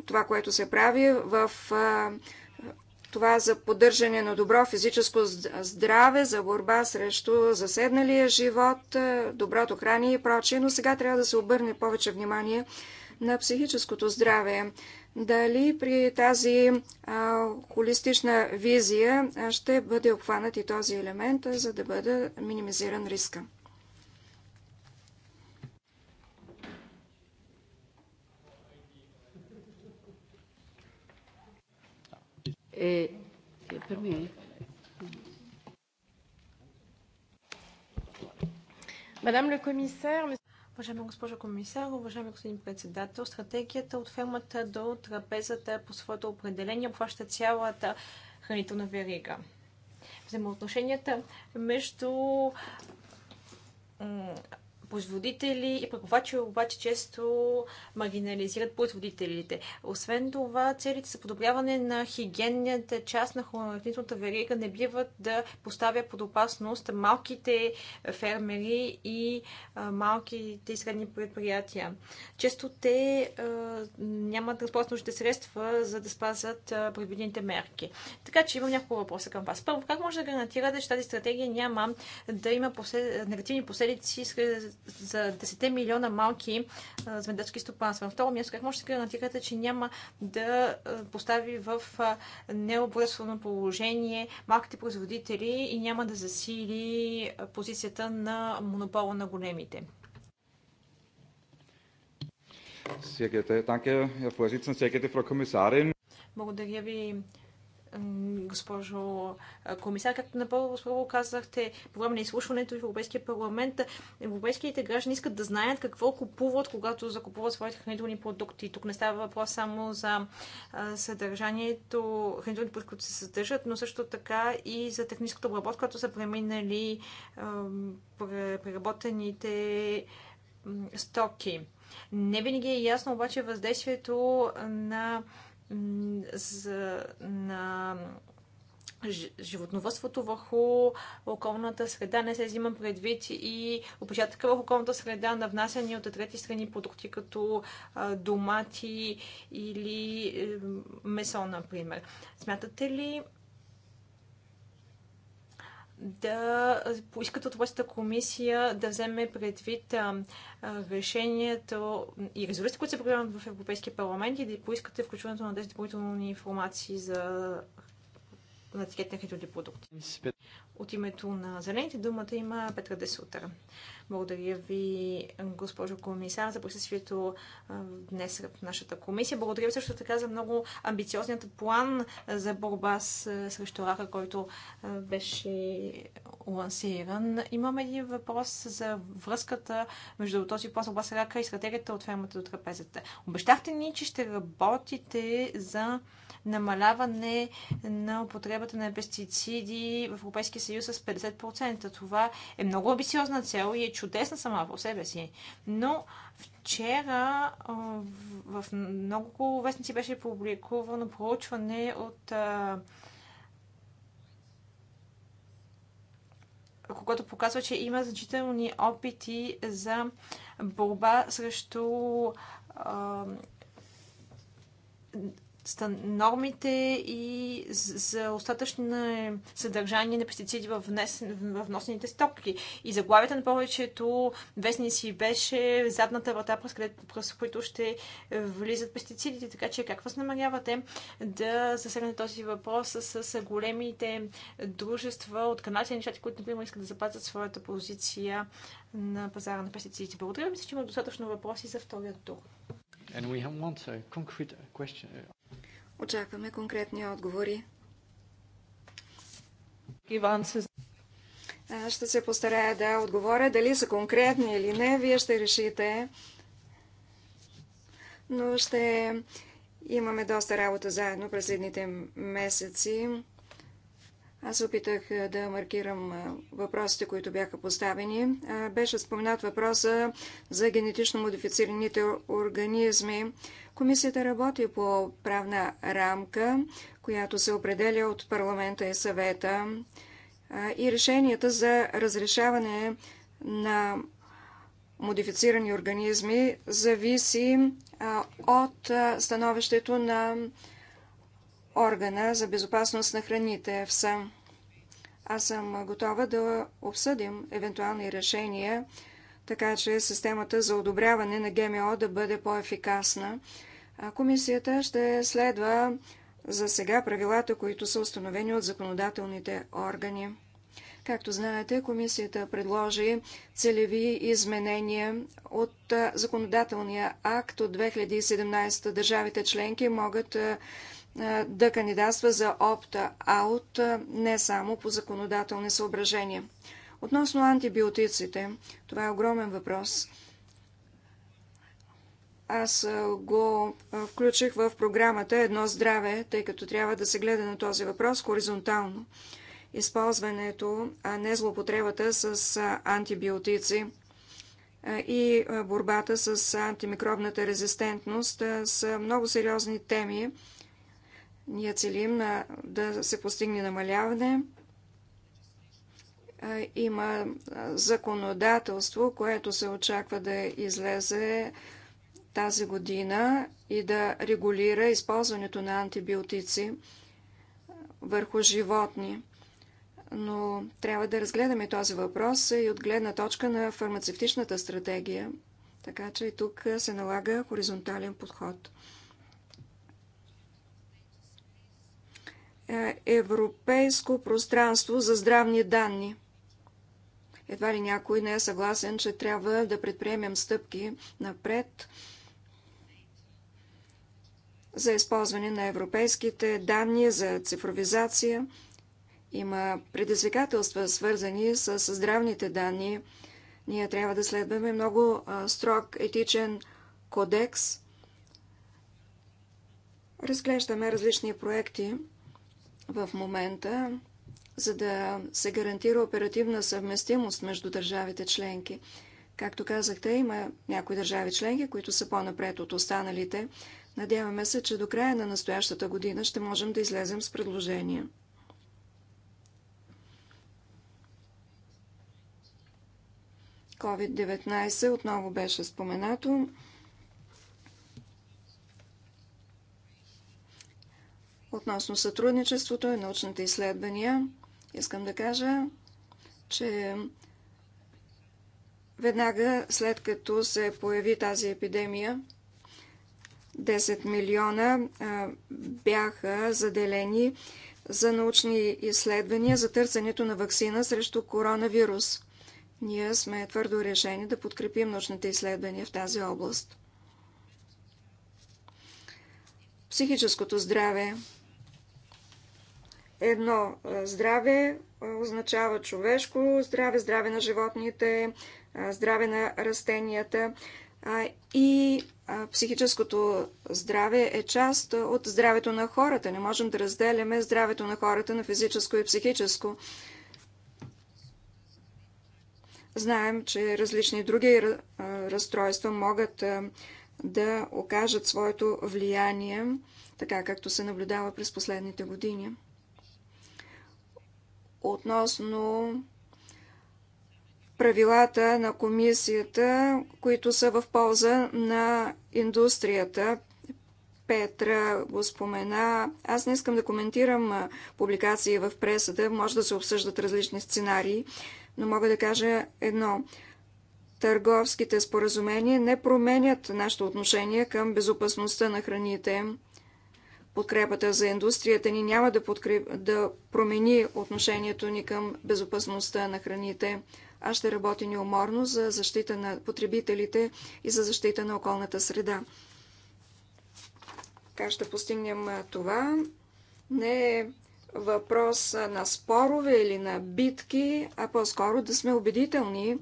това, което се прави в това за поддържане на добро физическо здраве, за борба срещу заседналия живот, доброто хранение и прочее, но сега трябва да се обърне повече внимание на психическото здраве. Дали при тази а, холистична визия ще бъде обхванат и този елемент, за да бъде минимизиран риска? E Мадам ле комисар, Уважаема госпожо комисар, уважаеми господин председател, стратегията от фермата до трапезата по своето определение обхваща цялата хранителна верига. Взаимоотношенията между Производители и преподаватели обаче често маргинализират производителите. Освен това, целите за подобряване на хигиенната част на хранителната верига не биват да поставя под опасност малките фермери и малките и средни предприятия. Често те а, нямат разплатнощите средства, за да спазят предвидените мерки. Така че имам няколко въпроса към вас. Първо, как може да гарантирате, че тази стратегия няма да има негативни последици за 10 милиона малки земеделски стопанства. На второ място, как може да се гарантирате, че няма да постави в необръсвано положение малките производители и няма да засили позицията на монопола на големите? Frau Kommissarin. Благодаря ви, госпожо комисар. Както напълно казахте, по време на изслушването в Европейския парламент, европейските граждани искат да знаят какво купуват, когато закупуват своите хранителни продукти. Тук не става въпрос само за съдържанието, хранителни продукти, които се съдържат, но също така и за техническата обработка, която са преминали преработените стоки. Не винаги е ясно обаче въздействието на за, на животновътството върху околната среда. Не се взима предвид и опечатъка върху околната среда на внасяни от трети страни продукти, като домати или месо, например. Смятате ли да поискат от властната комисия да вземе предвид решението и резолюциите, които се приемат в Европейския парламент и да поискате включването на тези допълнителни информации за на етикетни продукти. От името на зелените думата има Петра Десутър. Благодаря ви, госпожо комисар, за присъствието днес в нашата комисия. Благодаря ви също така за много амбициозният план за борба с, срещу рака, който беше лансиран. Имам един въпрос за връзката между този план за с рака и стратегията от фермата до трапезата. Обещахте ни, че ще работите за намаляване на употребата на пестициди в Европейския съюз с 50%. Това е много амбициозна цел и е чудесна сама по себе си. Но вчера в много вестници беше публикувано проучване от когато показва, че има значителни опити за борба срещу нормите и за остатъчно е съдържание на пестициди в, внесен, в носените стоки. И заглавията на повечето вестници беше задната врата, през, през които ще влизат пестицидите. Така че как възнамерявате да засегнете този въпрос с, с големите дружества от канадските нещата, които, например, искат да запазят своята позиция на пазара на пестицидите? Благодаря ви, че има достатъчно въпроси за втория тур. And we one, a concrete question. Очакваме конкретни отговори. Иван се... ще се постарая да отговоря дали са конкретни или не. Вие ще решите. Но ще имаме доста работа заедно през следните месеци. Аз опитах да маркирам въпросите, които бяха поставени. Беше споменат въпроса за генетично модифицираните организми. Комисията работи по правна рамка, която се определя от парламента и съвета и решенията за разрешаване на модифицирани организми зависи от становището на органа за безопасност на храните САМ. Аз съм готова да обсъдим евентуални решения, така че системата за одобряване на ГМО да бъде по-ефикасна. Комисията ще следва за сега правилата, които са установени от законодателните органи. Както знаете, комисията предложи целеви изменения от законодателния акт от 2017. Държавите членки могат е, да кандидатства за опта-аут е, не само по законодателни съображения. Относно антибиотиците, това е огромен въпрос. Аз е, го включих в програмата Едно здраве, тъй като трябва да се гледа на този въпрос хоризонтално. Използването, а не злопотребата с антибиотици и борбата с антимикробната резистентност са много сериозни теми, ние целим на, да се постигне намаляване. Има законодателство, което се очаква да излезе тази година и да регулира използването на антибиотици върху животни. Но трябва да разгледаме този въпрос и от гледна точка на фармацевтичната стратегия. Така че и тук се налага хоризонтален подход. Е, европейско пространство за здравни данни. Едва ли някой не е съгласен, че трябва да предприемем стъпки напред за използване на европейските данни за цифровизация. Има предизвикателства, свързани с здравните данни. Ние трябва да следваме много строг етичен кодекс. Разглеждаме различни проекти в момента, за да се гарантира оперативна съвместимост между държавите членки. Както казахте, има някои държави членки, които са по-напред от останалите. Надяваме се, че до края на настоящата година ще можем да излезем с предложения. COVID-19 отново беше споменато. Относно сътрудничеството и научните изследвания, искам да кажа, че веднага след като се появи тази епидемия, 10 милиона бяха заделени за научни изследвания за търсенето на вакцина срещу коронавирус. Ние сме твърдо решени да подкрепим научните изследвания в тази област. Психическото здраве едно здраве означава човешко здраве, здраве на животните, здраве на растенията и психическото здраве е част от здравето на хората. Не можем да разделяме здравето на хората на физическо и психическо. Знаем, че различни други разстройства могат да окажат своето влияние, така както се наблюдава през последните години относно правилата на комисията, които са в полза на индустрията. Петра го спомена. Аз не искам да коментирам публикации в пресата. Може да се обсъждат различни сценарии, но мога да кажа едно. Търговските споразумения не променят нашето отношение към безопасността на храните подкрепата за индустрията ни няма да, подкреп... да промени отношението ни към безопасността на храните. а ще работи неуморно за защита на потребителите и за защита на околната среда. Как ще постигнем това? Не е въпрос на спорове или на битки, а по-скоро да сме убедителни,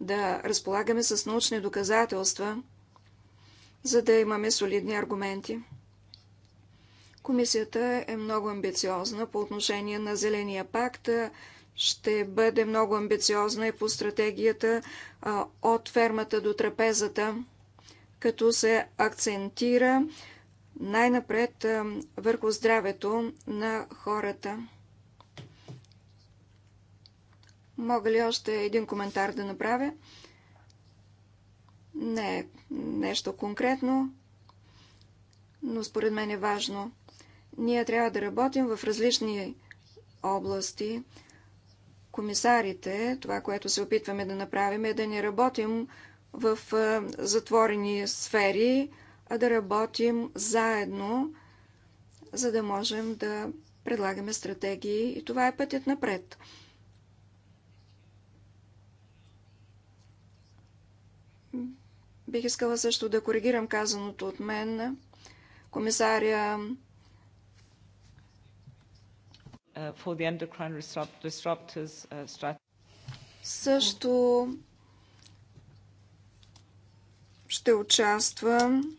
да разполагаме с научни доказателства, за да имаме солидни аргументи. Комисията е много амбициозна по отношение на Зеления пакт. Ще бъде много амбициозна и по стратегията от фермата до трапезата, като се акцентира най-напред върху здравето на хората. Мога ли още един коментар да направя? Не е нещо конкретно, но според мен е важно. Ние трябва да работим в различни области. Комисарите, това, което се опитваме да направим, е да не работим в затворени сфери, а да работим заедно, за да можем да предлагаме стратегии и това е пътят напред. Бих искала също да коригирам казаното от мен. Комисаря Uh, for the endocrine disruptors uh, strategy. Също ще участвам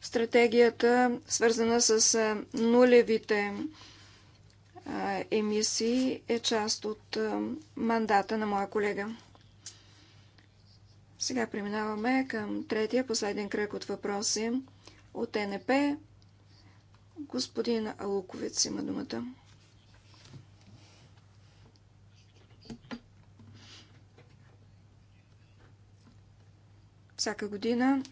в стратегията, свързана с нулевите емисии, е част от мандата на моя колега. Сега преминаваме към третия, последен кръг от въпроси от НП. Господин Алуковец има думата. Всяка година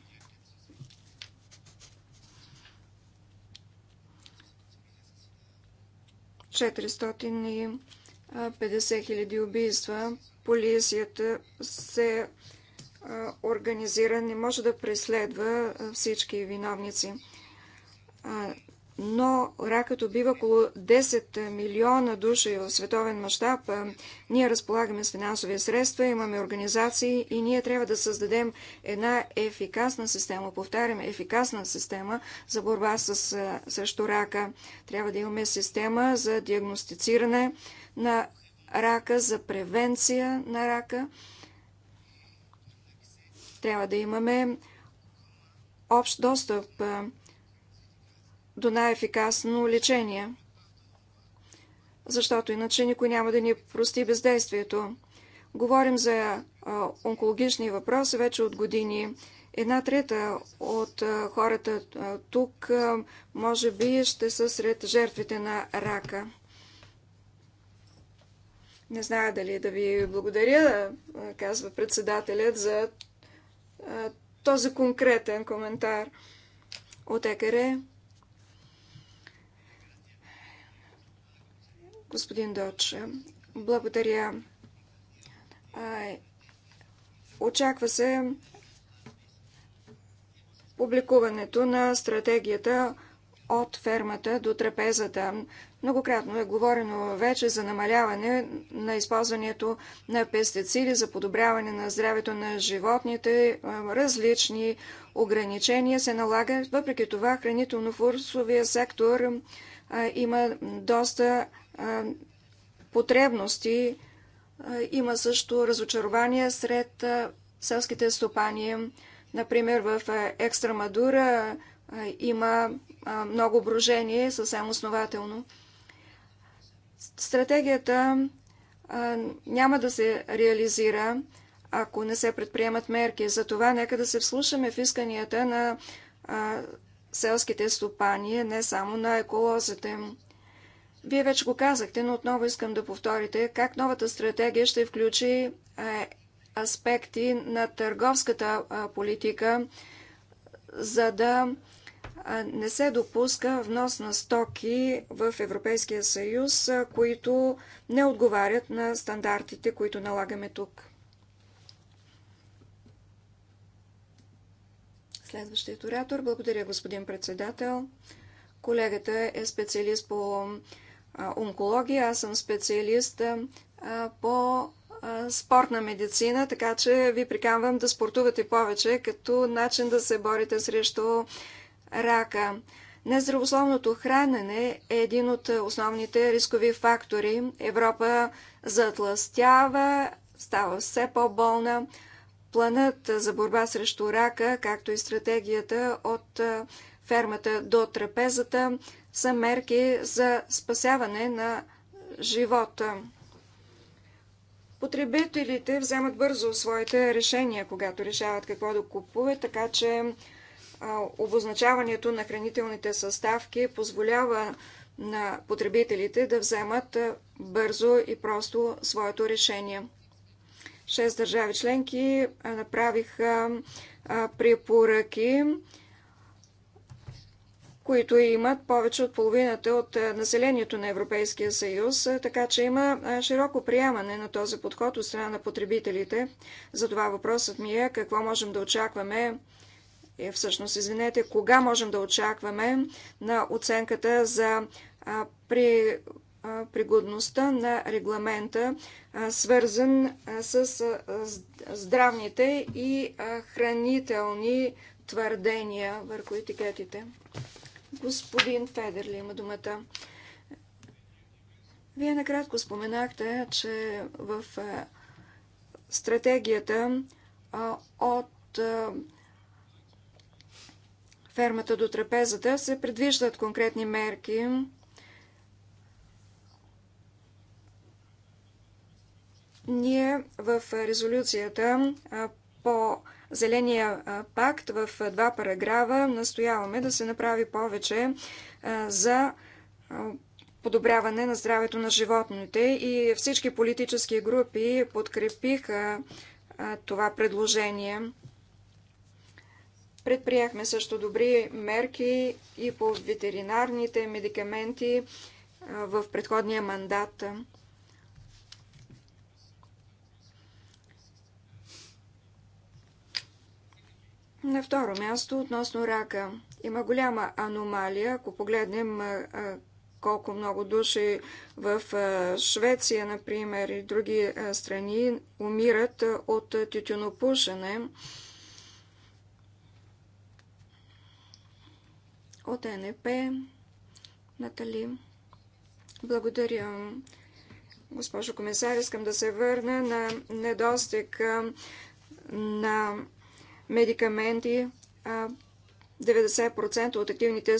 Четиристотин и 50 хиляди убийства. Полицията се организира, не може да преследва всички виновници но ракът убива около 10 милиона души в световен мащаб. Ние разполагаме с финансови средства, имаме организации и ние трябва да създадем една ефикасна система, повтаряме, ефикасна система за борба с, срещу рака. Трябва да имаме система за диагностициране на рака, за превенция на рака. Трябва да имаме общ достъп до най-ефикасно лечение. Защото иначе никой няма да ни прости бездействието. Говорим за онкологични въпроси вече от години. Една трета от хората тук може би ще са сред жертвите на рака. Не зная дали да ви благодаря, казва председателят, за този конкретен коментар от ЕКР. Господин Доч, благодаря. Очаква се публикуването на стратегията от фермата до трапезата. Многократно е говорено вече за намаляване на използването на пестициди, за подобряване на здравето на животните. Различни ограничения се налагат. Въпреки това, хранително-фурсовия сектор има доста потребности. Има също разочарование сред селските стопани. Например, в Екстрамадура има много брожение, съвсем основателно. Стратегията няма да се реализира, ако не се предприемат мерки. Затова нека да се вслушаме в исканията на селските стопани, не само на еколозите им. Вие вече го казахте, но отново искам да повторите как новата стратегия ще включи аспекти на търговската политика, за да не се допуска внос на стоки в Европейския съюз, които не отговарят на стандартите, които налагаме тук. Следващият оратор. Благодаря, господин председател. Колегата е специалист по онкология. Аз съм специалист по спортна медицина, така че ви приканвам да спортувате повече като начин да се борите срещу рака. Нездравословното хранене е един от основните рискови фактори. Европа затластява, става все по-болна. Планът за борба срещу рака, както и стратегията от фермата до трапезата, са мерки за спасяване на живота. Потребителите вземат бързо своите решения, когато решават какво да купуват, така че обозначаването на хранителните съставки позволява на потребителите да вземат бързо и просто своето решение. Шест държави членки направиха препоръки които имат повече от половината от е, населението на Европейския съюз, е, така че има е, широко приемане на този подход от страна на потребителите. Затова въпросът ми е какво можем да очакваме всъщност, извинете, кога можем да очакваме на оценката за при, пригодността на регламента, свързан с здравните и хранителни твърдения върху етикетите. Господин Федерли има думата. Вие накратко споменахте, че в стратегията от фермата до трапезата се предвиждат конкретни мерки. Ние в резолюцията по Зеления пакт в два параграва настояваме да се направи повече за подобряване на здравето на животните и всички политически групи подкрепиха това предложение. Предприехме също добри мерки и по ветеринарните медикаменти в предходния мандат. На второ място, относно рака. Има голяма аномалия, ако погледнем колко много души в Швеция, например, и други страни умират от тютюнопушене. От НП. Натали. Благодаря. Госпожо комисар, искам да се върна на недостиг на медикаменти. 90% от активните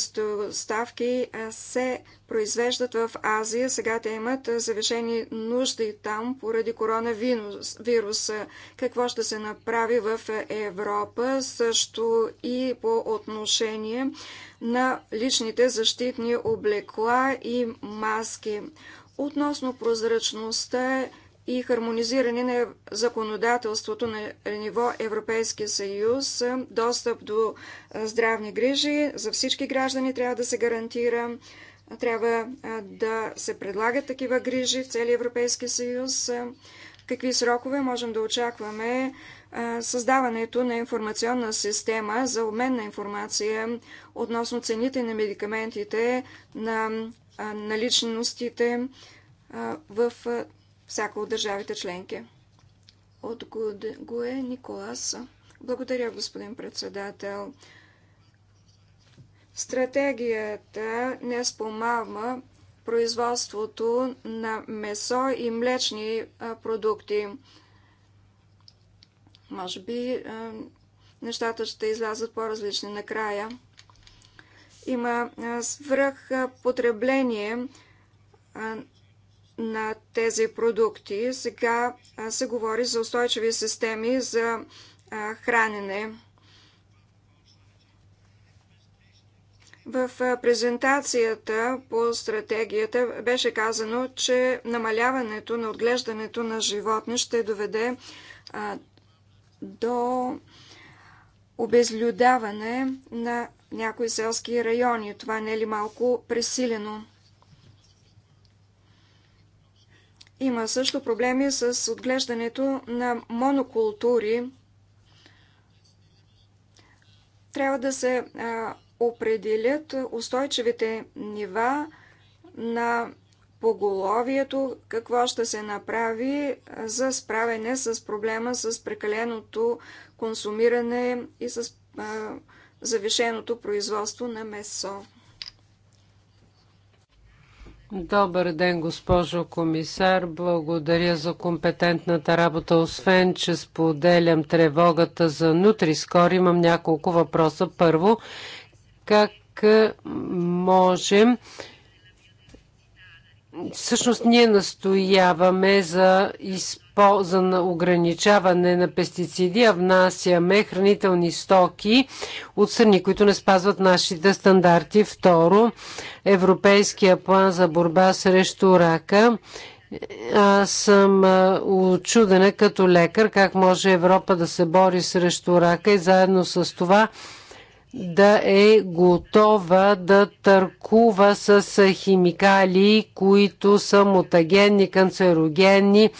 ставки се произвеждат в Азия. Сега те имат завишени нужди там поради коронавируса. Какво ще се направи в Европа също и по отношение на личните защитни облекла и маски. Относно прозрачността и хармонизиране на законодателството на ниво Европейския съюз. Достъп до здравни грижи за всички граждани трябва да се гарантира. Трябва да се предлагат такива грижи в цели Европейски съюз. Какви срокове можем да очакваме създаването на информационна система за обмен на информация относно цените на медикаментите, на наличностите в всяка от държавите членки. От Гуе Николас. Благодаря, господин председател. Стратегията не е спомага производството на месо и млечни продукти. Може би нещата ще излязат по-различни накрая. Има свръх потребление на тези продукти. Сега се говори за устойчиви системи за хранене. В презентацията по стратегията беше казано, че намаляването на отглеждането на животни ще доведе до обезлюдаване на някои селски райони. Това не е ли малко пресилено? Има също проблеми с отглеждането на монокултури. Трябва да се определят устойчивите нива на поголовието, какво ще се направи за справяне с проблема с прекаленото консумиране и с завишеното производство на месо. Добър ден, госпожо комисар. Благодаря за компетентната работа. Освен, че споделям тревогата за Нутрискор, имам няколко въпроса. Първо, как можем всъщност ние настояваме за, за ограничаване на пестициди, а внасяме хранителни стоки от страни, които не спазват нашите стандарти. Второ, Европейския план за борба срещу рака. Аз съм очудена като лекар как може Европа да се бори срещу рака и заедно с това да е готова да търкува с химикали, които са мутагенни, канцерогенни.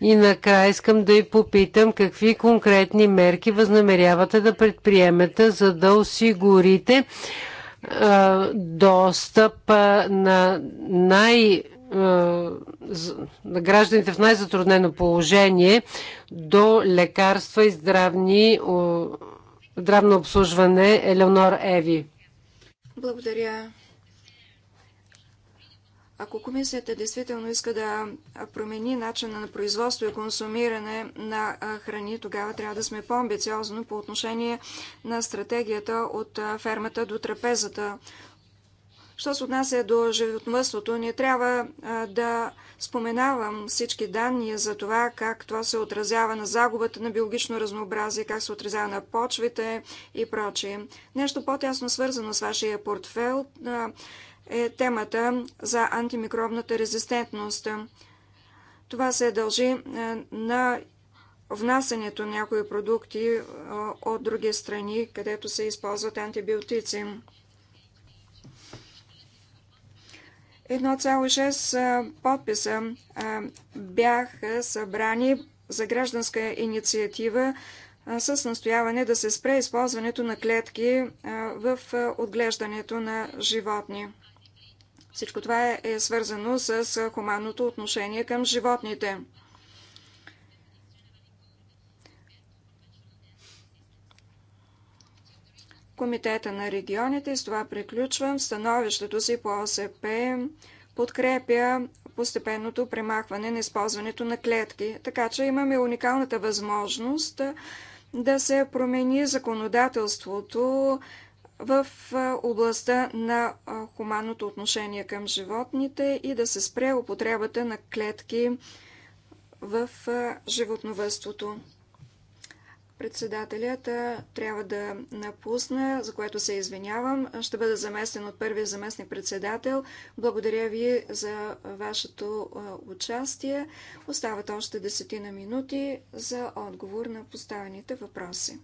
И накрая искам да ви попитам какви конкретни мерки възнамерявате да предприемете, за да осигурите достъп на най на гражданите в най-затруднено положение до лекарства и здравни здравно обслужване Елеонор Еви. Благодаря. Ако комисията действително иска да промени начина на производство и консумиране на храни, тогава трябва да сме по амбициозно по отношение на стратегията от фермата до трапезата. Що се отнася до животновътството, не трябва да споменавам всички данни за това как това се отразява на загубата на биологично разнообразие, как се отразява на почвите и прочие. Нещо по-тясно свързано с вашия портфел е темата за антимикробната резистентност. Това се дължи на внасянето на някои продукти от други страни, където се използват антибиотици. 1,6 подписа бяха събрани за гражданска инициатива с настояване да се спре използването на клетки в отглеждането на животни. Всичко това е, е свързано с хуманното отношение към животните. Комитета на регионите. С това приключвам. Становището си по ОСП подкрепя постепенното премахване на използването на клетки. Така че имаме уникалната възможност да се промени законодателството в областта на хуманното отношение към животните и да се спре употребата на клетки в животновътството. Председателят трябва да напусна, за което се извинявам. Ще бъда заместен от първия заместник председател. Благодаря ви за вашето участие. Остават още десетина минути за отговор на поставените въпроси.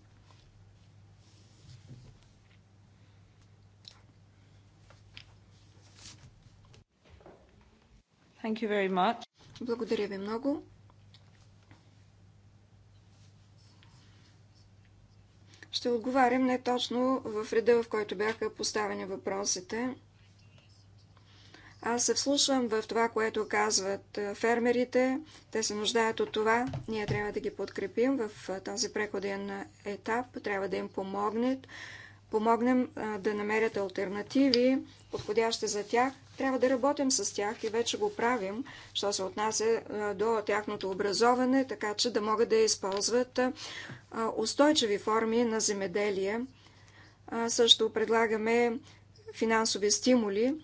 Thank you very much. Благодаря ви много. Ще отговарям не точно в реда, в който бяха поставени въпросите. Аз се вслушвам в това, което казват фермерите. Те се нуждаят от това. Ние трябва да ги подкрепим в този преходен етап. Трябва да им помогнат, помогнем да намерят альтернативи, подходящи за тях – трябва да работим с тях и вече го правим, що се отнася е, до тяхното образоване, така че да могат да използват е, устойчиви форми на земеделие. Е, също предлагаме финансови стимули,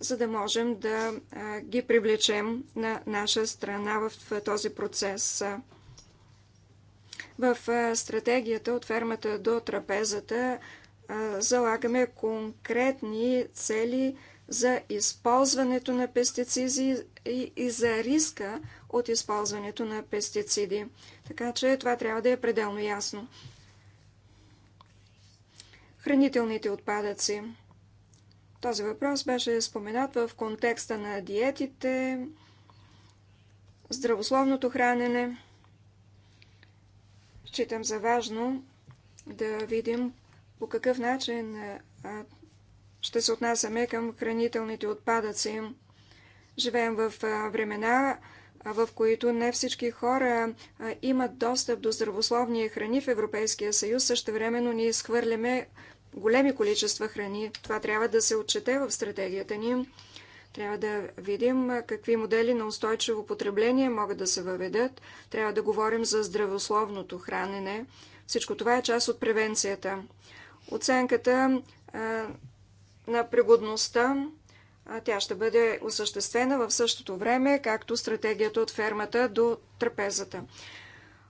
за да можем да ги привлечем на наша страна в този процес. В стратегията от фермата до трапезата залагаме конкретни цели за използването на пестициди и за риска от използването на пестициди. Така че това трябва да е пределно ясно. Хранителните отпадъци. Този въпрос беше споменат в контекста на диетите, здравословното хранене. Считам за важно да видим по какъв начин е, ще се отнасяме към хранителните отпадъци. Живеем в времена, в които не всички хора имат достъп до здравословни храни в Европейския съюз, също времено ние изхвърляме големи количества храни. Това трябва да се отчете в стратегията ни. Трябва да видим какви модели на устойчиво потребление могат да се въведат. Трябва да говорим за здравословното хранене. Всичко това е част от превенцията оценката на пригодността. Тя ще бъде осъществена в същото време, както стратегията от фермата до трапезата.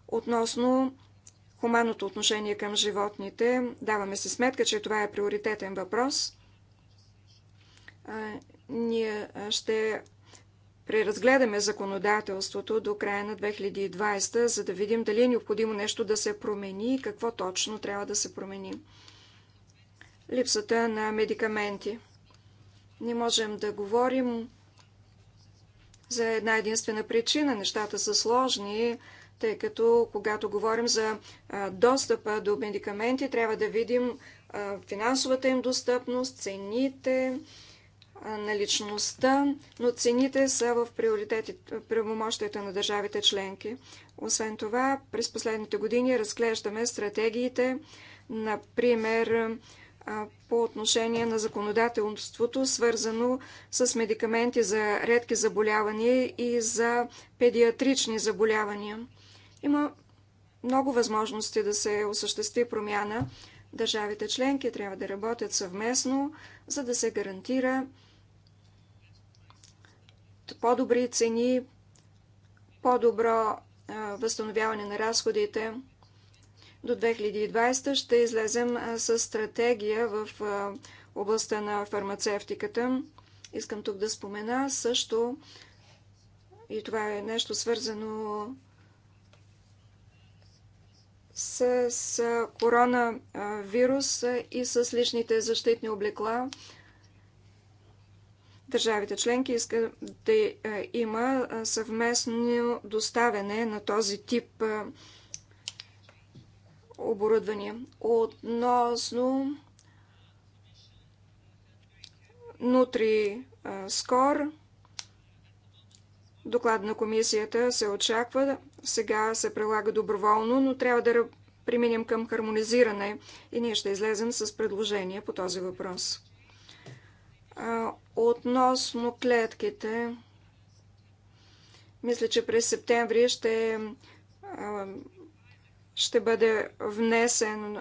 Относно хуманното отношение към животните, даваме се сметка, че това е приоритетен въпрос. Ние ще преразгледаме законодателството до края на 2020, за да видим дали е необходимо нещо да се промени и какво точно трябва да се промени липсата на медикаменти. Не можем да говорим за една единствена причина. Нещата са сложни, тъй като когато говорим за достъпа до медикаменти, трябва да видим финансовата им достъпност, цените, наличността, но цените са в правомощията на държавите членки. Освен това, през последните години разглеждаме стратегиите, например, по отношение на законодателството, свързано с медикаменти за редки заболявания и за педиатрични заболявания. Има много възможности да се осъществи промяна. Държавите членки трябва да работят съвместно, за да се гарантира по-добри цени, по-добро възстановяване на разходите – до 2020 ще излезем с стратегия в областта на фармацевтиката. Искам тук да спомена също, и това е нещо свързано с, коронавирус и с личните защитни облекла. Държавите членки искат да има съвместно доставяне на този тип оборудвания. Относно Нутри Скор, доклад на комисията се очаква. Сега се прилага доброволно, но трябва да преминем към хармонизиране и ние ще излезем с предложение по този въпрос. Относно клетките, мисля, че през септември ще ще бъде внесен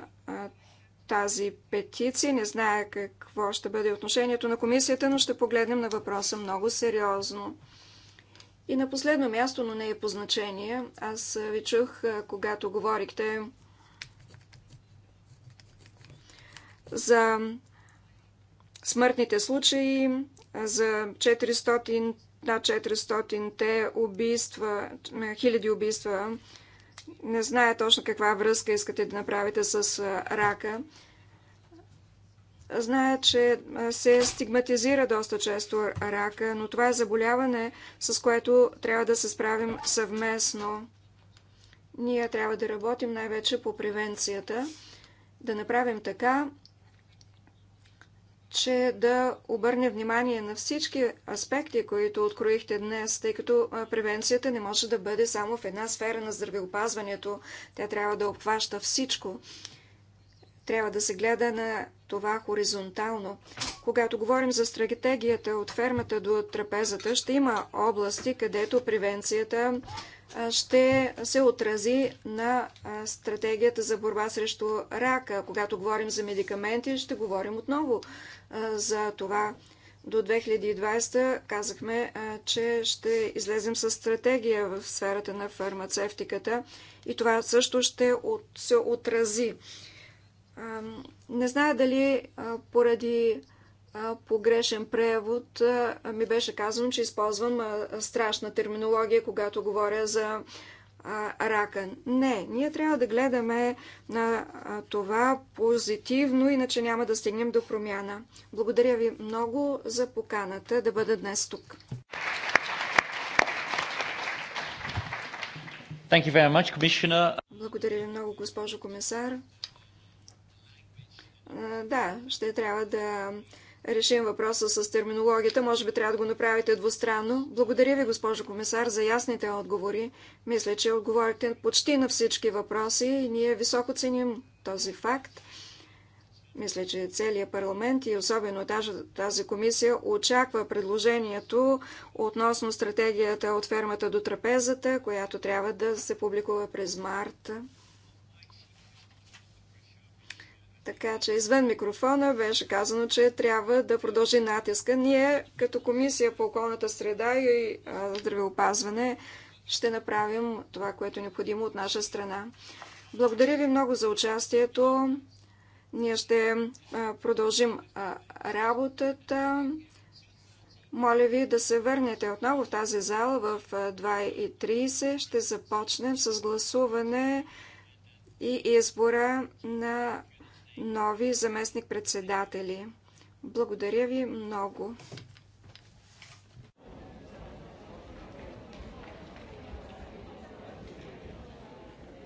тази петиция. Не зная какво ще бъде отношението на комисията, но ще погледнем на въпроса много сериозно. И на последно място, но не е по значение, аз ви чух, когато говорихте за смъртните случаи, за 400, над 400-те убийства, хиляди убийства не зная точно каква връзка искате да направите с рака. Зная, че се стигматизира доста често рака, но това е заболяване, с което трябва да се справим съвместно. Ние трябва да работим най-вече по превенцията, да направим така, че да обърне внимание на всички аспекти, които откроихте днес, тъй като превенцията не може да бъде само в една сфера на здравеопазването. Тя трябва да обхваща всичко. Трябва да се гледа на това хоризонтално. Когато говорим за стратегията от фермата до трапезата, ще има области, където превенцията ще се отрази на стратегията за борба срещу рака. Когато говорим за медикаменти, ще говорим отново за това. До 2020 казахме, че ще излезем с стратегия в сферата на фармацевтиката и това също ще се отрази. Не зная дали поради погрешен превод ми беше казано, че използвам страшна терминология, когато говоря за рака. Не, ние трябва да гледаме на това позитивно, иначе няма да стигнем до промяна. Благодаря ви много за поканата да бъда днес тук. Much, Благодаря ви много, госпожо комисар. Да, ще трябва да решим въпроса с терминологията. Може би трябва да го направите двустранно. Благодаря ви, госпожо комисар, за ясните отговори. Мисля, че отговорите почти на всички въпроси и ние високо ценим този факт. Мисля, че целият парламент и особено тази, тази комисия очаква предложението относно стратегията от фермата до трапезата, която трябва да се публикува през март. Така че извън микрофона беше казано, че трябва да продължи натиска. Ние като Комисия по околната среда и здравеопазване ще направим това, което е необходимо от наша страна. Благодаря ви много за участието. Ние ще продължим работата. Моля ви да се върнете отново в тази зала в 2.30. Ще започнем с гласуване и избора на нови заместник-председатели. Благодаря ви много.